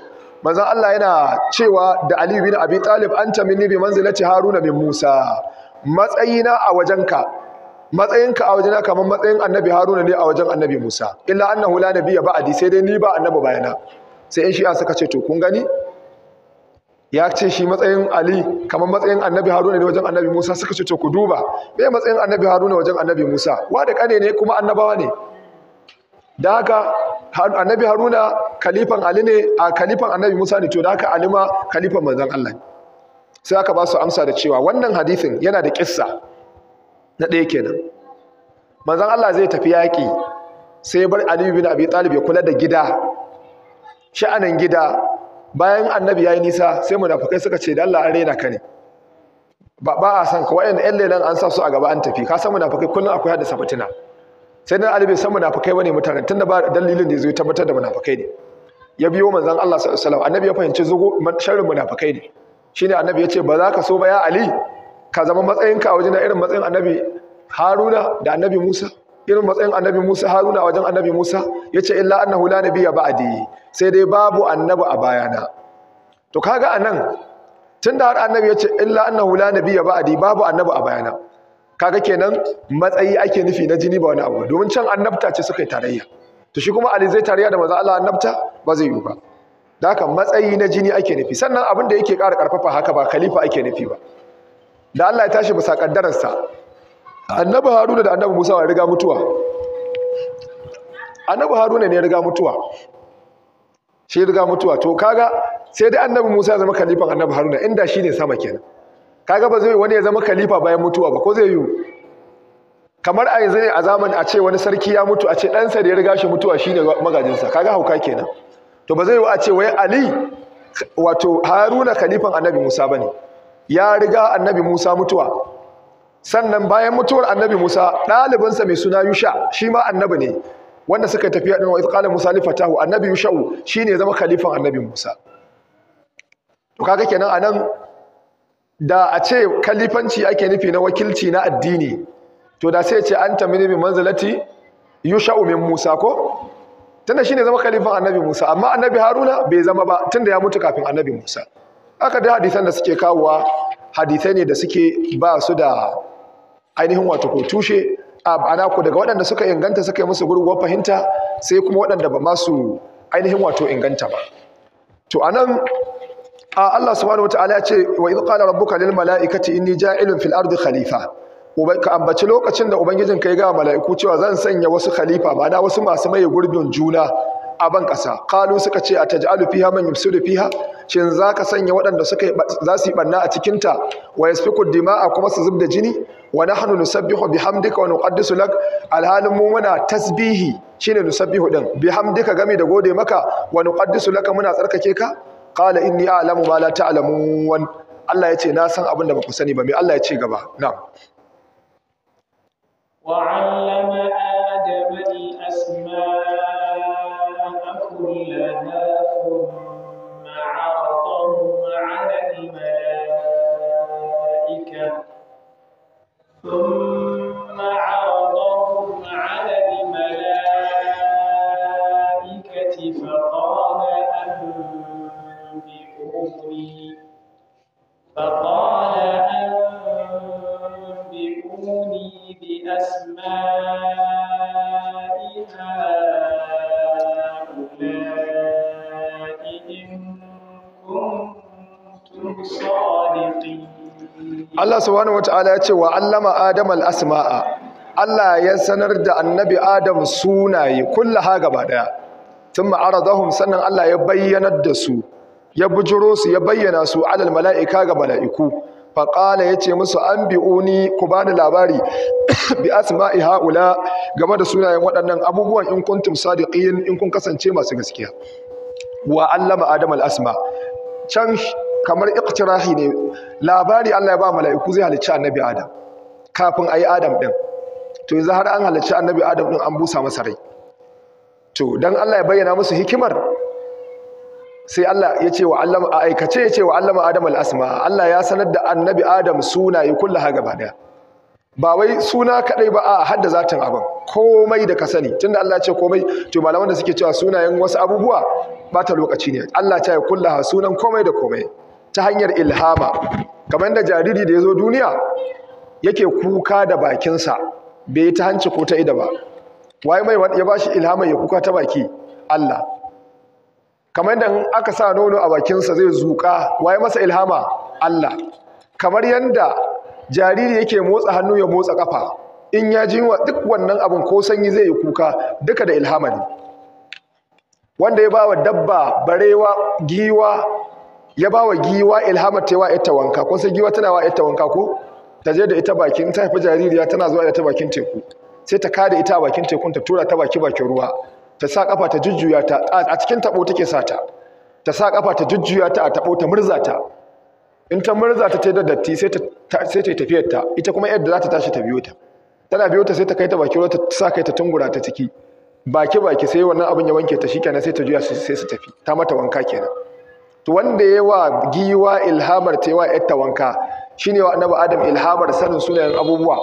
manzon Allah yana cewa da Ali bin Abi Talib anta minni bi manzilati Haruna bin Musa matsayina a wajenka matsayinka a wajena kamar matsayin annabi Haruna ne a wajen annabi Musa illa annahu la nabiyya ba'di sai dai ni ba annabi bayana sai in shi'a suka ce to kun gani ya ce shi matsayin Ali kamar matsayin annabi Haruna ne wajen annabi Musa suka ce to ku duba me matsayin annabi Haruna wajen annabi Musa wa da kane ne kuma annabawa ne da haka annabi haruna kalifan ali ne a kalifan annabi musa ne to da haka ali ma kalifan manzon allah sai aka ba su amsa da cewa wannan hadithin yana da kissa na ɗaya kenan manzon allah zai tafi yaƙi sai bar ali bin abi talib ya kula da gida sha'anin gida bayan annabi yi nisa sai munafikai suka ce da Allah an raina ka ne ba a san ka wa'annan ƴan lelan an sa su a gaba an tafi ka san munafikai kullum akwai hada fitina sai dan ali bai san munafikai bane tun tunda ba dalilin da zai tabbatar da munafikai ne ya biyo manzon Allah sallallahu alaihi wasallam annabi ya fahimci zugo sharrin munafikai ne shine annabi ya ce ba za ka so ba ya ali ka zama matsayinka a wajen irin matsayin annabi haruna da annabi musa irin matsayin annabi musa haruna a wajen annabi musa ya ce illa annahu la nabiyya ba'di sai dai babu annabi a bayana to kaga anan tunda har annabi ya ce illa annahu la nabiyya ba'di babu annabi a bayana kaga kenan matsayi ake nufi na jini ba wani abu domin can annabta ce suka yi tarayya to shi kuma ali zai tarayya da manzo Allah annabta ba zai yi ba da haka matsayi na jini ake nufi sannan abin da yake ƙara ƙarfafa haka ba khalifa ake nufi ba da Allah ya tashi bisa kaddararsa annabi haruna da annabi musa wa riga mutuwa annabi haruna ne ya riga mutuwa shi riga mutuwa to kaga sai dai annabi musa ya zama khalifan annabi haruna inda shine sama kenan kaga ba zai wani ya zama kalifa bayan mutuwa ba ko zai yi kamar a yanzu ne a zamanin a ce wani sarki ya mutu a ce ɗansa da ya riga shi mutuwa shine magajinsa kaga hauka kenan to ba zai yi a ce wai ali wato haruna kalifan annabi musa bane ya riga annabi musa mutuwa sannan bayan mutuwar annabi musa ɗalibinsa mai suna yusha shi ma annabi ne wanda suka tafiya ɗin wa ƙala musa lifatahu fatahu annabi yusha'u shi ne zama kalifan annabi musa to kaga kenan nan. da a ce kalifanci ake nufi na wakilci na addini to da sai ce an tamini bi manzalati yusha'u min Musa ko tunda shine zama kalifan annabi Musa amma annabi Haruna bai zama ba tunda ya mutu kafin annabi Musa aka da hadisan da suke kawowa hadisai ne da suke ba su da ainihin wato ko tushe ana ko daga waɗanda suka inganta suka yi musu gurguwar fahimta sai kuma waɗanda ba masu ainihin wato inganta ba to anan Allah subhanahu wataala ya ce wa idh qala rabbuka lil mala'ikati inni ja'ilun fil ardi khalifa ka ambaci lokacin da ubangijin kai ga mala'iku cewa zan sanya wasu khalifa bana wasu masu maye gurbin juna a ban kasa qalu suka ce ataj'alu fiha man yufsidu fiha shin zaka sanya waɗanda suka za su yi banna a cikin ta wa yasfiku dima'a kuma su zubda jini wa nahnu nusabbihu bihamdika wa nuqaddisu lak alhalin mu muna tasbihi shine nusabbihu din bihamdika game da gode maka wa nuqaddisu laka muna tsarkake ka qala inni a'lamu ma la ta'lamun Allah ya ce na san abin da ba ku sani ba me Allah ya ce gaba na'am wa 'allama adama al-asma'a kullaha thumma 'aradahum 'ala al-mala'ika thumma فقال أنبئوني بأسماء هؤلاء إن كنتم صادقين Allah subhanahu wataala ya ce wa allama Adam al-asma'a Allah ya sanar da annabi Adam sunaye kullaha gaba daya thumma aradahum sannan Allah ya bayyanar da su ya bujuro su ya bayyana su alal mala'ika ga mala'iku faƙala ya ce musu an bi'uni ku bani labari bi asma'i ha'ula game da sunayen waɗannan abubuwan in da sadiqin in kun kasance masu gaskiya wa allama adam asma can kamar iktirahi ne labari Allah ya ba mala'iku zai halicci annabi adam kafin ayi adam ɗin? to yanzu har an halicci annabi adam ɗin an busa masa rai to dan Allah ya bayyana musu hikimar sai Allah ya ce wa allama a aikace ya ce wa allama adam al'asma Allah ya sanar da annabi adam yi kulla ha gaba daya ba wai suna kaɗai ba a hadda zatin abin komai da ka sani tunda Allah ya ce komai to malaman da suke cewa sunayen wasu abubuwa ba ta lokaci ne Allah ta ya kulla ha sunan komai da komai ta hanyar ilhama kamar da jariri da ya zo duniya yake kuka da bakinsa bai ta hanci ko ta ida ba waye mai ya bashi ilhama ya kuka ta baki Allah kamar yadda aka sa nono a bakinsa zai zuƙa waye masa ilhama Allah kamar yadda jariri yake motsa hannu ya motsa kafa in ya ji wa duk wannan abin ko sanyi zai yi kuka duka da ilhama wanda ya ba wa dabba barewa giwa ya ba wa giwa ilhamar ta wa ita wanka kun sai giwa tana wa ita wanka ko ta je da ita bakin ta haifi jaririya tana zuwa da ta bakin teku sai ta kada ita a bakin tekun ta tura ta baki bakin ruwa ta sa kafa ta jujjuya ta a cikin tabo take sa ta ta sa kafa ta jujjuya ta a tabo ta murza ta in ta murza ta tai da datti sai ta sai ta tafiyar ta ita kuma yadda za ta tashi ta biyo ta tana biyo ta sai ta kai ta baki ruwa ta sa kai ta tungura ta ciki baki baki sai wannan abin ya wanke ta shikenan sai ta juya sai su tafi ta mata wanka kenan to wanda ya wa giwa ilhamar ta wa yatta wanka shine wa annabi adam ilhamar sanin sunayen abubuwa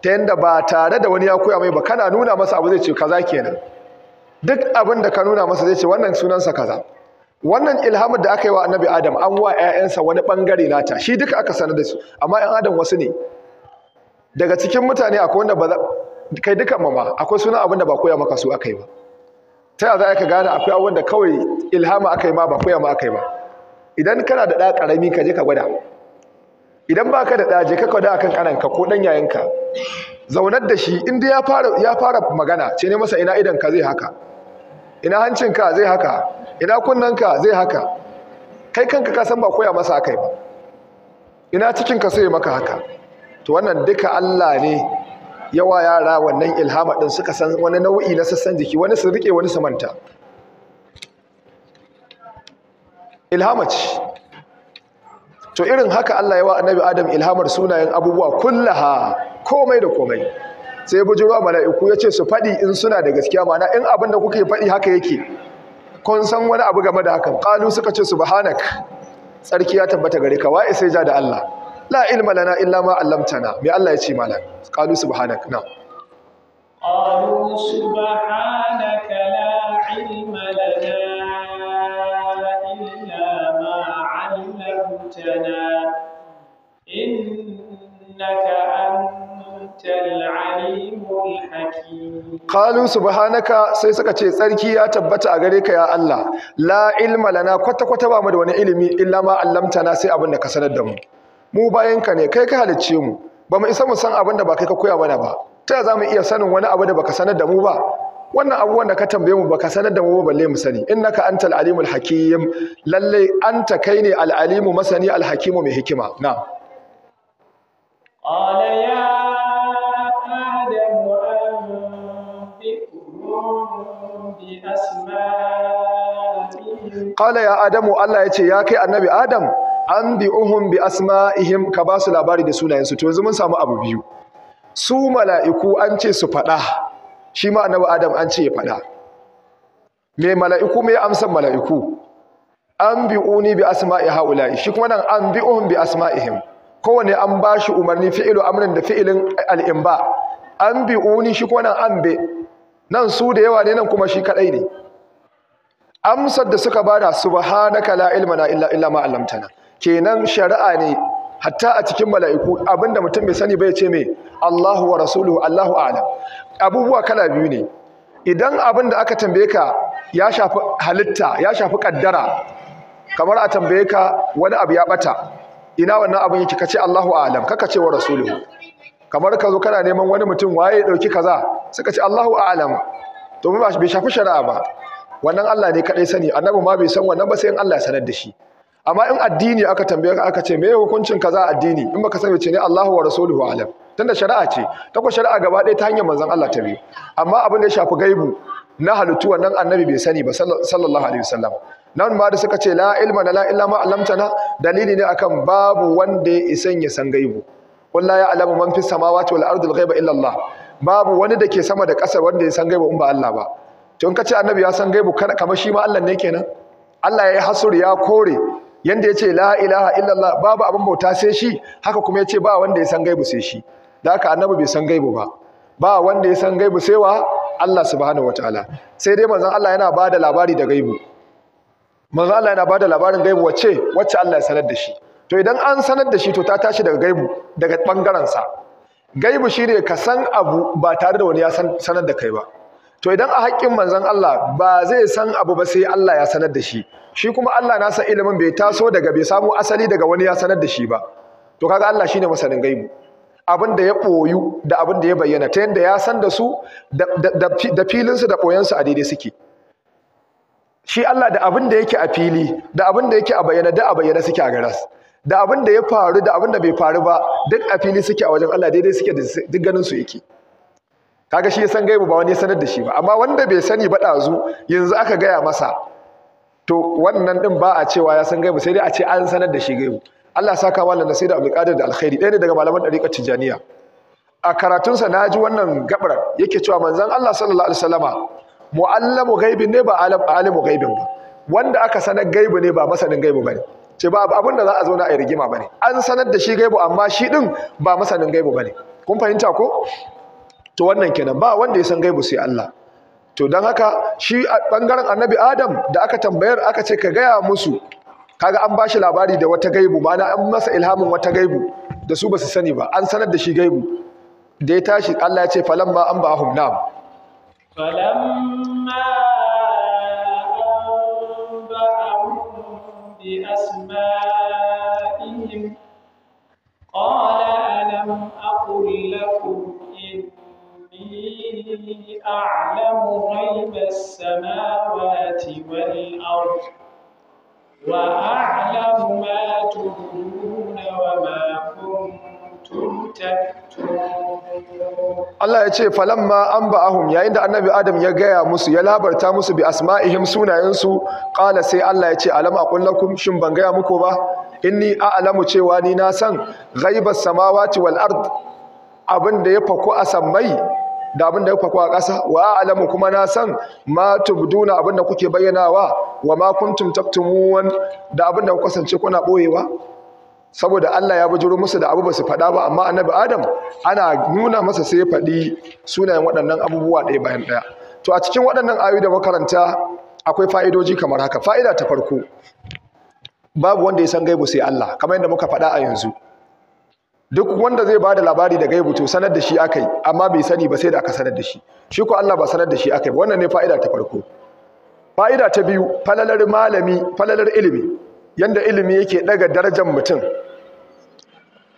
ta yanda ba tare da wani ya koya mai ba kana nuna masa abu zai ce kaza kenan duk abin da ka nuna masa zai ce wannan sunansa kaza wannan ilhamar da aka yi wa annabi adam an wa 'ya'yansa wani bangare nata shi duka aka sanar da su amma 'yan adam wasu ne daga cikin mutane akwai wanda ba kai dukan mama akwai sunan abin da ba koya maka su aka yi ba ta yaya za ka gane akwai abin da kawai ilhama aka yi ma ba koya ma aka yi ba idan kana da ɗa ƙarami ka je ka gwada idan ba ka da ɗa je ka gwada akan ƙananka ko ɗan yayanka zaunar da shi inda ya fara ya fara magana ce ne masa ina idan ka zai haka ina hancinka zai haka ina kunnanka zai haka kai kanka ka san ba koya masa kai ba ina cikinka sai maka haka to wannan duka Allah ne yawa yara wannan ilhama din suka san wani nau'i na sassan jiki wani su rike wani su manta ilhama ce to irin haka Allah yawa annabi Adam ilhamar sunayen abubuwa kullaha komai da komai sai bujiro mala'iku ya ce su faɗi in suna da gaskiya mana in abin da kuka yi faɗi haka yake kun san wani abu game da hakan ƙalu suka ce su bahanak. tsarki ya tabbata gare ka wa'i sai ja da Allah la ilma lana illa ma allamtana me Allah ya ce mala ƙalu subhanak na ƙalu سبحانك لا علم لنا إلا ما علمتنا إنك أنت Kalu subhanaka sai suka ce tsarki ya tabbata a gare ka ya Allah la ilma lana kwata kwata ba mu da wani ilimi illa ma allamtana sai abin da ka sanar da mu mu bayan ka ne kai ka halicce mu ba mu isa mu san abin da ba kai ka koya mana ba ta za mu iya sanin wani abu da baka sanar da mu ba wannan abubuwan da ka tambaye mu baka sanar da mu ba balle mu sani innaka antal alimul hakim lalle anta kai ne al alimu masani al hakimu mai hikima na qala ya Kala ya adamu Allah ya ce ya kai annabi adam an bi Uhun bi ihim ka ba su labari da sunayensu to yanzu mun samu abu biyu su mala'iku an ce su faɗa shi ma annabi adam an ce ya faɗa me mala'iku me amsan mala'iku an bi uni bi asma'i haula'i shi kuma nan an bi Uhun bi ihim kowane an ba shi umarni fi'ilu amrin da fi'ilin al'imba an bi uni shi kuma nan an bi nan su da yawa ne nan kuma shi kadai ne amsar da suka bada subhanaka la ilma lana illa illa ma 'allamtana kenan shari'a ne hatta a cikin mala'iku abinda mutum bai sani bai ce me Allahu wa rasuluhu Allahu a'lam abubuwa kala biyu ne idan abin da aka tambaye ka ya shafi halitta ya shafi kaddara kamar a tambaye ka wani abu ya bata ina wannan abin yake kace Allahu a'lam kaka ce wa rasuluhu kamar ka zo kana neman wani mutum waye ya dauki kaza suka ce Allahu a'lam to ba bai shafi shari'a ba wannan Allah ne kadai sani annabi ma bai san wannan ba sai in Allah ya sanar da shi amma in addini aka tambaye ka aka ce me hukuncin kaza addini in baka san ce ne Allahu wa rasuluhu alam tunda shari'a ce ta ko shari'a gaba ɗaya ta hanyar manzon Allah ta bi amma abin da ya shafi gaibu na halittu wannan annabi bai sani ba sallallahu alaihi wasallam nan ma da suka ce la ilma la illa ma allamtana dalili ne akan babu wanda ya isan ya san gaibu wallahi ya alamu man fis samawati wal ardi al ghaiba illa Allah babu wani da ke sama da ƙasa wanda ya san gaibu in ba Allah ba to in ka ce annabi ya san gaibu kamar shi ma Allah ne kenan Allah ya yi hasuri ya kore yanda ya ce la ilaha illallah babu abin bauta sai shi haka kuma ya ce ba wanda ya san gaibu sai shi da haka annabi bai san gaibu ba ba wanda ya san gaibu sai wa Allah subhanahu wataala sai dai manzon Allah yana bada labari da gaibu manzon Allah yana bada labarin gaibu wacce wacce Allah ya sanar da shi to idan an sanar da shi to ta tashi daga gaibu daga bangaren sa gaibu shine ka san abu ba tare da wani ya sanar da kai ba to idan a haƙƙin manzon Allah ba zai san abu ba sai Allah ya sanar da shi shi kuma Allah nasa ilimin bai taso daga bai samu asali daga wani ya sanar da shi ba to kaga Allah shine masanin gaibu abin da ya ɓoyu da abin da ya bayyana ta yadda ya san da su da filin su da su a daidai suke shi Allah da abin da yake a fili da abin da yake a bayyana da a bayyana suke a garas da abin da ya faru da abin da bai faru ba duk a fili suke a wajen Allah daidai suke duk ganin su yake kaga shi ya san gaibu ba wani ya sanar da shi ba amma wanda bai sani ba dazu yanzu aka gaya masa to wannan din ba a cewa ya san gaibu sai dai a ce an sanar da shi gaibu Allah saka wa lana sai da Abdulkadir da Alkhairi ɗaya ne daga malaman ɗariƙar Tijaniya a karatun na ji wannan gabar yake cewa manzon Allah sallallahu alaihi wasallama mu'allamu gaibin ne ba alimu gaibin ba wanda aka sanar gaibu ne ba masanin gaibu bane ce ba abin da za a zauna a yi rigima bane an sanar da shi gaibu amma shi din ba masanin gaibu bane kun fahimta ko to wannan kenan ba wanda ya san gaibu sai Allah to dan haka shi a ɓangaren annabi adam da aka tambayar aka ce ka gaya musu kaga an bashi labari da wata gaibu ma'ana an masa ilhamin wata gaibu da su basu sani ba an sanar da shi gaibu da ya tashi Allah ya ce falamma an ba hum nam falamma bi asma'ihim qala alam a الذي أعلم غيب السماوات والأرض وأعلم ما تبدون وما كنتم تكتمون Allah ya ce falamma an ba'ahum yayin da annabi Adam ya gaya musu ya labarta musu bi asma'ihim sunayensu qala sai Allah ya ce alam aqul lakum shin ban gaya muku ba In inni a'lamu cewa ni na san ghaibas samawati wal ard abin da ya faku a sammai da abin da ya a ƙasa wa a'lamu kuma na san ma tubduna abin da kuke bayyanawa wa ma kuntum taktumun da abin da kuka kasance kuna boyewa saboda Allah ya bujuro musu da abu ba su faɗa ba amma annabi Adam ana nuna masa sai ya faɗi sunayen waɗannan abubuwa ɗaya bayan ɗaya to a cikin waɗannan ayoyi da makaranta akwai fa'idoji kamar haka fa'ida ta farko babu wanda ya san gaibu sai Allah kamar yadda muka faɗa a yanzu duk wanda zai ba da labari da gaibu to sanar da shi akai amma bai sani ba sai da aka sanar da shi shi ko Allah ba sanar da shi akai wannan ne fa'ida ta farko fa'ida ta biyu falalar malami falalar ilimi yanda ilimi yake daga darajar mutum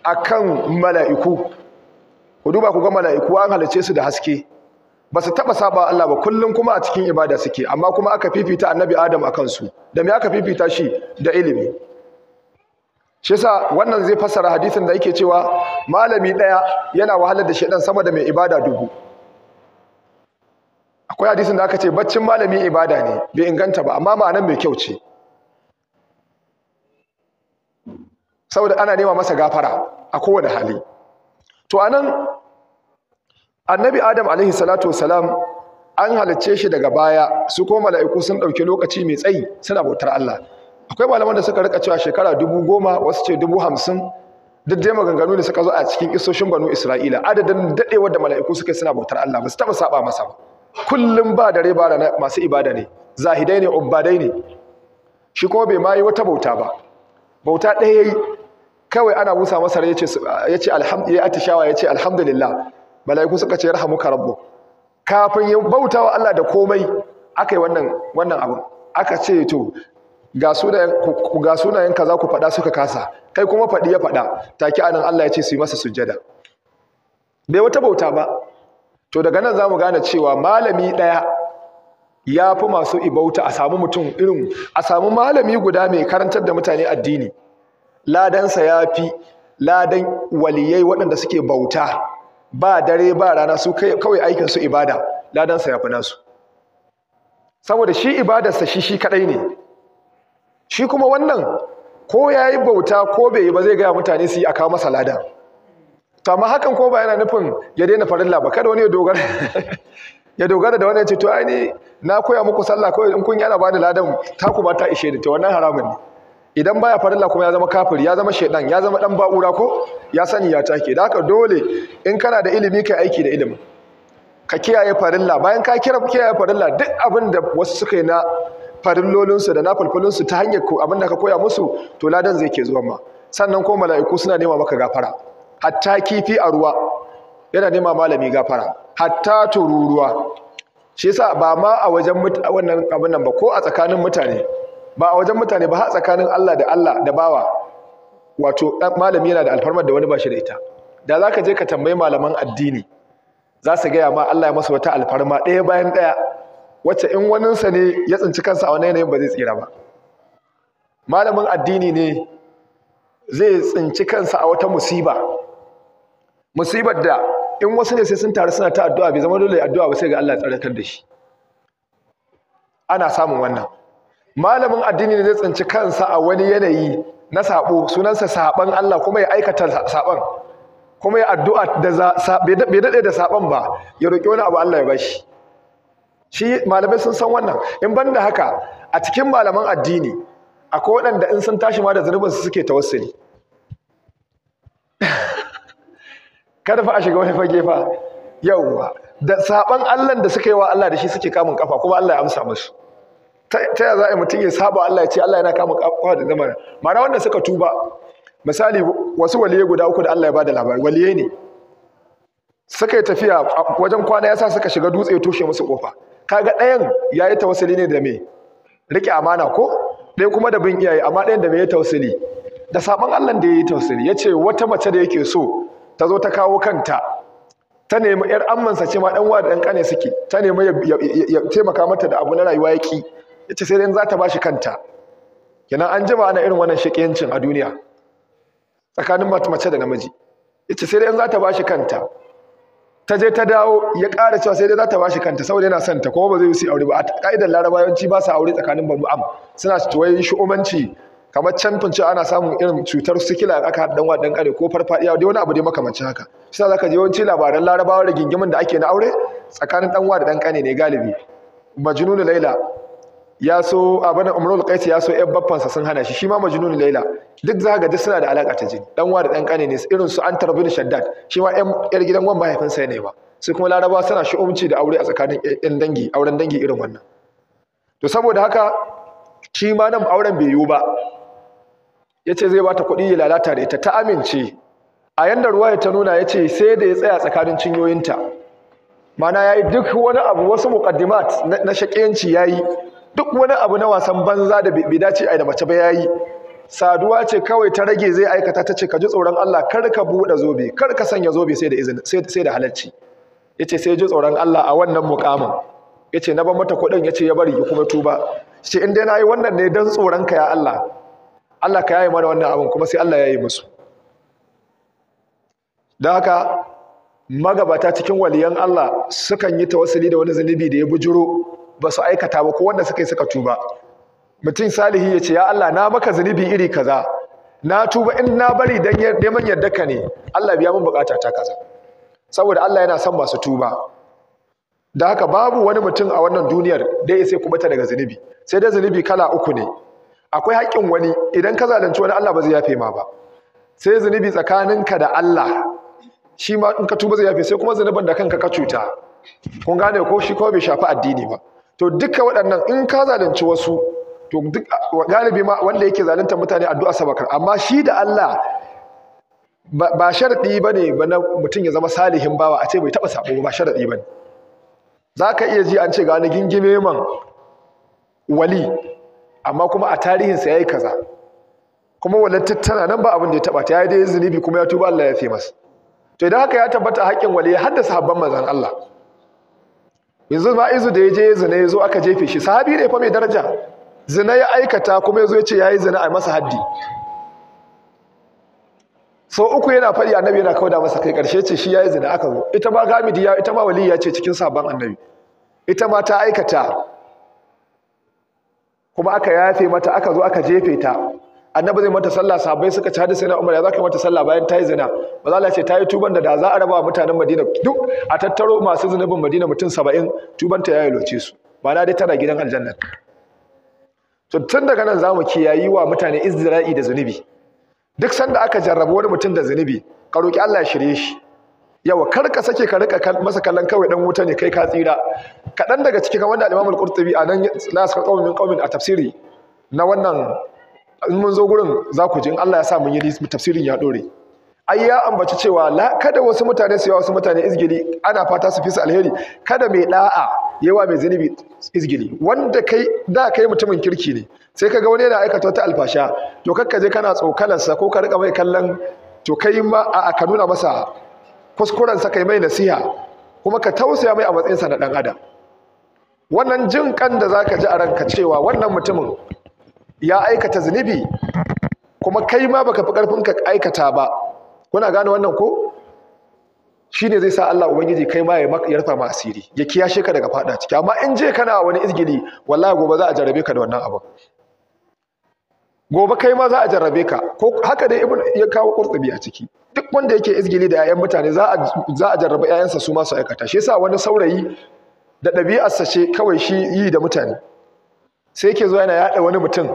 akan mala'iku ku duba ku ga mala'iku an halice su da haske ba su taba saba Allah ba kullum kuma a cikin ibada suke amma kuma aka fifita annabi Adam akan su da me aka fifita shi da ilimi shi yasa wannan zai fassara hadisin da yake cewa malami daya yana wahalar da shedan sama da mai ibada dubu akwai hadisin da aka ce baccin malami ibada ne bai inganta ba amma ma'anar mai kyau ce saboda ana nema masa gafara a kowane hali to anan annabi adam alaihi salatu wasalam an halicce shi daga baya su ko mala'iku sun ɗauki lokaci mai tsayi suna bautar Allah akwai malaman da suka rika cewa shekara dubu goma wasu ce dubu hamsin duk dai maganganu ne suka zo a cikin isoshin banu isra'ila adadin daɗewar da mala'iku suka suna bautar allah ba su taɓa saba masa ba kullum ba dare ba da masu ibada ne zahidai ne Obadai ne shi kuma bai ma yi wata bauta ba bauta ɗaya ya yi kawai ana busa masa ya ce ya atishawa ya ce alhamdulillah mala'iku suka ce rahamuka rabbu kafin ya bauta wa allah da komai aka yi wannan abu. aka ce to ga sunayen ka za ku faɗa suka kasa kai kuma faɗi ya faɗa take nan Allah ya ce su yi masa sujjada bai wata bauta ba to daga nan za mu gane cewa malami ɗaya ya fi masu ibauta a samu mutum irin a samu malami guda mai karantar da mutane addini ladansa ya fi ladan waliyai waɗanda suke bauta ba dare ba rana su kawai aikinsu ibada ladansa ya fi nasu saboda shi ibadarsa shi shi kaɗai ne shi kuma wannan ko ya yi bauta ko bai yi ba zai gaya mutane su yi a kawo masa lada to amma hakan ko ba yana nufin ya daina farin ba kada wani ya dogara da wani ya ce to ai na koya muku sallah kawai in kun yana bani ladan ta ku ba ta ishe ni to wannan haramun ne idan baya farilla kuma ya zama kafir ya zama shedan ya zama dan ba'ura ko ya sani ya take da haka dole in kana da ilimi kai aiki da ilimi. ka kiyaye farilla bayan ka kira kiyaye farilla duk abin da wasu suka yi na farillolinsu da nafulfulinsu ta hanyar abin da ka koya musu to ladan zai ke zuwa ma sannan ko mala'iku suna nema maka gafara hatta kifi a ruwa yana nema malami gafara hatta tururuwa shi yasa ba ma a wajen wannan abin nan ba ko a tsakanin mutane ba a wajen mutane ba a tsakanin Allah da Allah da bawa wato malami yana da alfarmar da wani ba shi da ita da za ka je ka tambayi malaman addini za su gaya ma Allah ya masa wata alfarma ɗaya bayan ɗaya wacce in waninsa ne ya tsinci kansa a wani yanayin ba zai tsira ba malamin addini ne zai tsinci kansa a wata musiba musibar da in wasu ne sai sun taru suna ta addu'a bai zama dole addu'a ba sai ga Allah ya tsarkar da shi ana samun wannan malamin addini ne zai tsinci kansa a wani yanayi na sabo sunansa saban Allah kuma ya aikata saban kuma ya addu'a da bai dade da saban ba ya roki wani abu Allah ya bashi shi malamai sun san wannan in ban da haka a cikin malaman addini akwai waɗanda in sun tashi ma da zunubin su suke tawassuli kada fa a shiga wani fage fa yawwa da saban Allah da suka yi wa Allah da shi suke kamun kafa kuma Allah ya amsa musu ta ya za a yi mutum ya saba Allah ya ce Allah yana kamun kafa da zama Mara wanda suka tuba misali wasu waliye guda uku da Allah ya bada labari waliye ne suka yi tafiya wajen kwana yasa suka shiga dutse ya toshe musu kofa kaga ɗayan ya yi tawassuli ne da me rike amana ko ɗaya kuma da bin iyaye amma ɗayan da me ya tawassuli da sabon Allah da ya yi tawassuli ya ce wata mace da yake so ta zo ta kawo kanta ta nemi yar ammansa ce ma ɗan da ɗan ƙane suke ta nemi ya taimaka mata da abu na rayuwa ya ki ya ce sai dai za ta bashi kanta kenan an jima ana irin wannan shaƙiyancin a duniya tsakanin mace da namiji ya ce sai dai za ta bashi kanta ta je ta dawo ya ƙara cewa sai dai za ta bashi kanta saboda yana son ta kuma ba zai yi aure ba a ƙa'idar larabawanci ba sa aure tsakanin banu am suna tuwai shu'umanci kamar can cewa ana samun irin cutar sikila aka haɗa ɗan wadan kare ko farfaɗiya dai wani abu dai makamancin haka shi za ka je yawanci labaran larabawa da gingimin da ake na aure tsakanin wa da ɗan kane ne galibi majnunu laila ya so abin umrul qais ya so yan baffansa sun hana shi shi ma majnun laila duk zaka ga duk suna da alaka ta jini dan wa da dan kane ne irin su antar bin shaddad shi ma yan yar gidan wan mahaifinsa ne ba su kuma laraba suna shi umci da aure a tsakanin yan dangi auren dangi irin wannan to saboda haka shi ma nan auren bai yiwu ba yace zai bata kuɗi ya lalata da ita ta amince a yanda ruwaya ta nuna yace sai da ya tsaya tsakanin cinyoyinta mana yayi duk wani abu wasu muqaddimat na shakiyanci yayi duk wani abu na wasan banza da bai dace ai da mace ba yayi saduwa ce kawai ta rage zai aikata ta ce ka ji tsoron Allah kar ka buɗe zobe kar ka sanya zobe sai da izini sai sai da halacci yace sai ji tsoron Allah a wannan muqamin yace na ban mata kuɗin yace ya bari ki kuma tuba ce in nayi wannan ne dan tsoron ka ya Allah Allah ka yayi mana wannan abin kuma sai Allah ya yi musu dan haka magabata cikin waliyan Allah sukan yi tawassuli da wani zunubi da ya bujuro ba su aikata ba ko wanda suka yi suka tuba mutum salihi ya ce ya Allah na maka zunubi iri kaza na tuba in na bari dan neman yarda ka ne Allah biya min bukata ta kaza saboda Allah yana son masu tuba da haka babu wani mutum a wannan duniyar da ya sai kubata daga zunubi sai dai zunubi kala uku ne akwai haƙƙin wani idan ka zalunci wani Allah ba zai yafe ma ba sai zunubi tsakaninka da Allah shi ma in ka tuba zai yafe sai kuma zunubin da kanka ka cuta kun gane ko shi ko bai shafi addini ba to duka waɗannan in ka zalunci wasu to duk galibi ma wanda yake zalunta mutane addu'a sabakar amma shi da Allah ba sharadi bane ba na mutum ya zama salihin bawa a ce bai taba sabo ba sharadi bane zaka iya ji an ce ga ni gingime man wali amma kuma a tarihin sa yayi kaza kuma wannan tattara nan ba abin da ya taba ta yayi dai zunubi kuma ya tuba Allah ya fi masa to idan haka ya tabbata haƙin wali ya haddasa habban manzon Allah yanzu ba izu da ya je zina ya zo aka jefe shi sahabi ne fa mai daraja zina ya aikata kuma ya zo ya ce ya yi zina a masa haddi sau uku yana faɗi annabi yana da masa kai ƙarshe ce shi ya yi zina aka zo ita ma gamidi ya ita ma ya ce cikin sabon annabi ita ma ta aikata kuma aka yafe mata aka zo aka jefe ta annabi zai mata sallah sabai suka ci hadisi na Umar ya zaka mata sallah bayan tayi zina maza Allah ce tayi tuban da da za a raba mutanen Madina duk a tattaro masu zinubin Madina mutum 70 tuban ta yayi loce su ma'ana dai tana gidan aljanna to tun daga nan zamu kiyayi wa mutane izra'i da zunubi duk sanda aka jarrabu wani mutum da zunubi ka roki Allah ya shirye shi yawa kar ka sake ka rika masa kallon kawai dan wuta ne kai ka tsira kaɗan daga cikin wanda al-Imam al-Qurtubi a nan la a tafsiri na wannan in mun zo gurin za ku ji in Allah ya sa mun yi tafsirin ya dore ai ya ambaci cewa la kada wasu mutane su yawa wasu mutane izgili ana fata su fisa alheri kada mai da'a yawa mai zunubi izgili wanda kai da kai mutumin kirki ne sai kaga wani yana aikata wata alfasha to kakka je kana tsokalarsa ko ka rika mai kallon to kai ma a ka nuna masa kuskurensa kai mai nasiha kuma ka tausaya mai a matsayinsa na dan adam wannan jin kan da zaka ji a ranka cewa wannan mutumin ya aikata zunubi kuma kai ma baka fi karfin ka aikata ba kuna gane wannan ko ne zai sa Allah ubangiji kai ma ya yarfa ma asiri ya kiyashe ka daga fada ciki amma in je kana wani izgili wallahi gobe za a jarabe ka da wannan abin gobe kai ma za a jarrabe ka ko haka dai ibn ya kawo qurtubi a ciki duk wanda yake izgili da 'ya'yan mutane za a za a jarraba sa su ma su aikata shi yasa wani saurayi da ɗabi'arsa ce kawai shi yi da mutane sai yake zuwa yana yaɗa wani mutum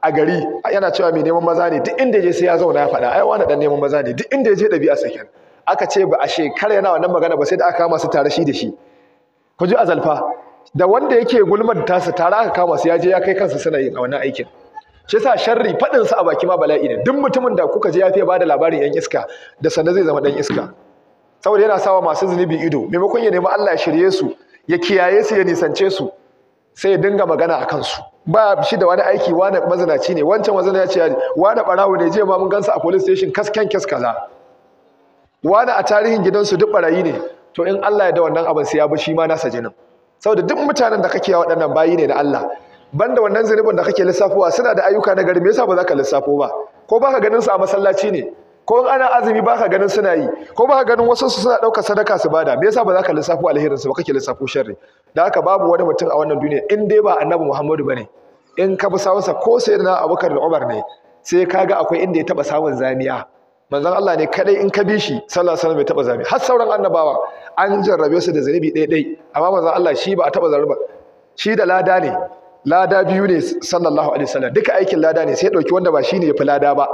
a gari yana cewa mai neman maza ne duk inda ya je sai ya zauna ya faɗa ai wani dan neman maza ne duk inda ya je ɗabi'a kenan aka ce ba a shekara yana wannan magana ba sai da aka kama su tare shi da shi ku ji azalfa da wanda yake gulmar su tare aka kama su ya je ya kai kansa suna yin wannan aikin shi yasa sharri faɗin sa a baki ma bala'i ne duk mutumin da kuka je ya fiye ba da labarin yan iska da sanda zai zama dan iska saboda yana sawa masu zunubi ido maimakon ya nemi Allah ya shirye su ya kiyaye su ya nisance su sai ya dinga magana a kansu ba shi da wani aiki wani mazinaci ne wancan mazinaci ya wani barawo ne je ma mun gansa a police station kasken kes kaza wani a tarihin gidansu duk barayi ne to in Allah ya da wannan abin sai ya bi shi ma nasa jinin saboda duk mutanen da kake yawa waɗannan bayi ne na Allah banda wannan zunubin da kake lissafowa suna da ayyuka na gari me yasa ba za ka lissafo ba ko ba ka ganin su a masallaci ne ko in ana azumi ba ka ganin suna yi ko ba ka ganin wasu su suna ɗauka sadaka su bada me yasa ba za ka lissafo alherin su ba kake lissafo sharri da haka babu wani mutum a wannan duniya in dai ba annabi muhammadu bane in ka bi sawansa ko sai na abubakar da umar ne sai ka ga akwai inda ya taɓa samun zamiya manzon Allah ne kadai in ka bi shi sallallahu alaihi wasallam ya taɓa zamiya har sauran annabawa an jarrabe su da zanibi ɗaya ɗaya amma manzon Allah shi ba a taɓa zarba shi da lada ne lada biyu ne sallallahu alaihi wasallam duka aikin lada ne sai ɗauki wanda ba ne ya fi lada ba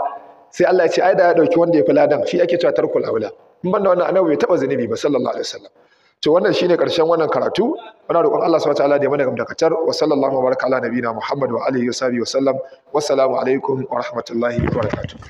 sai Allah ya ce ai da ya dauki wanda ya fi ladan shi ake cewa tarkul aula in banda wannan annabi bai taba zunubi ba sallallahu alaihi wasallam to wannan shine karshen wannan karatu muna roƙon Allah subhanahu ta'ala da ya mana gamdakatar wa sallallahu baraka ala nabiyina Muhammad wa alihi wa sahbihi wa sallam wassalamu alaikum wa rahmatullahi wa barakatuh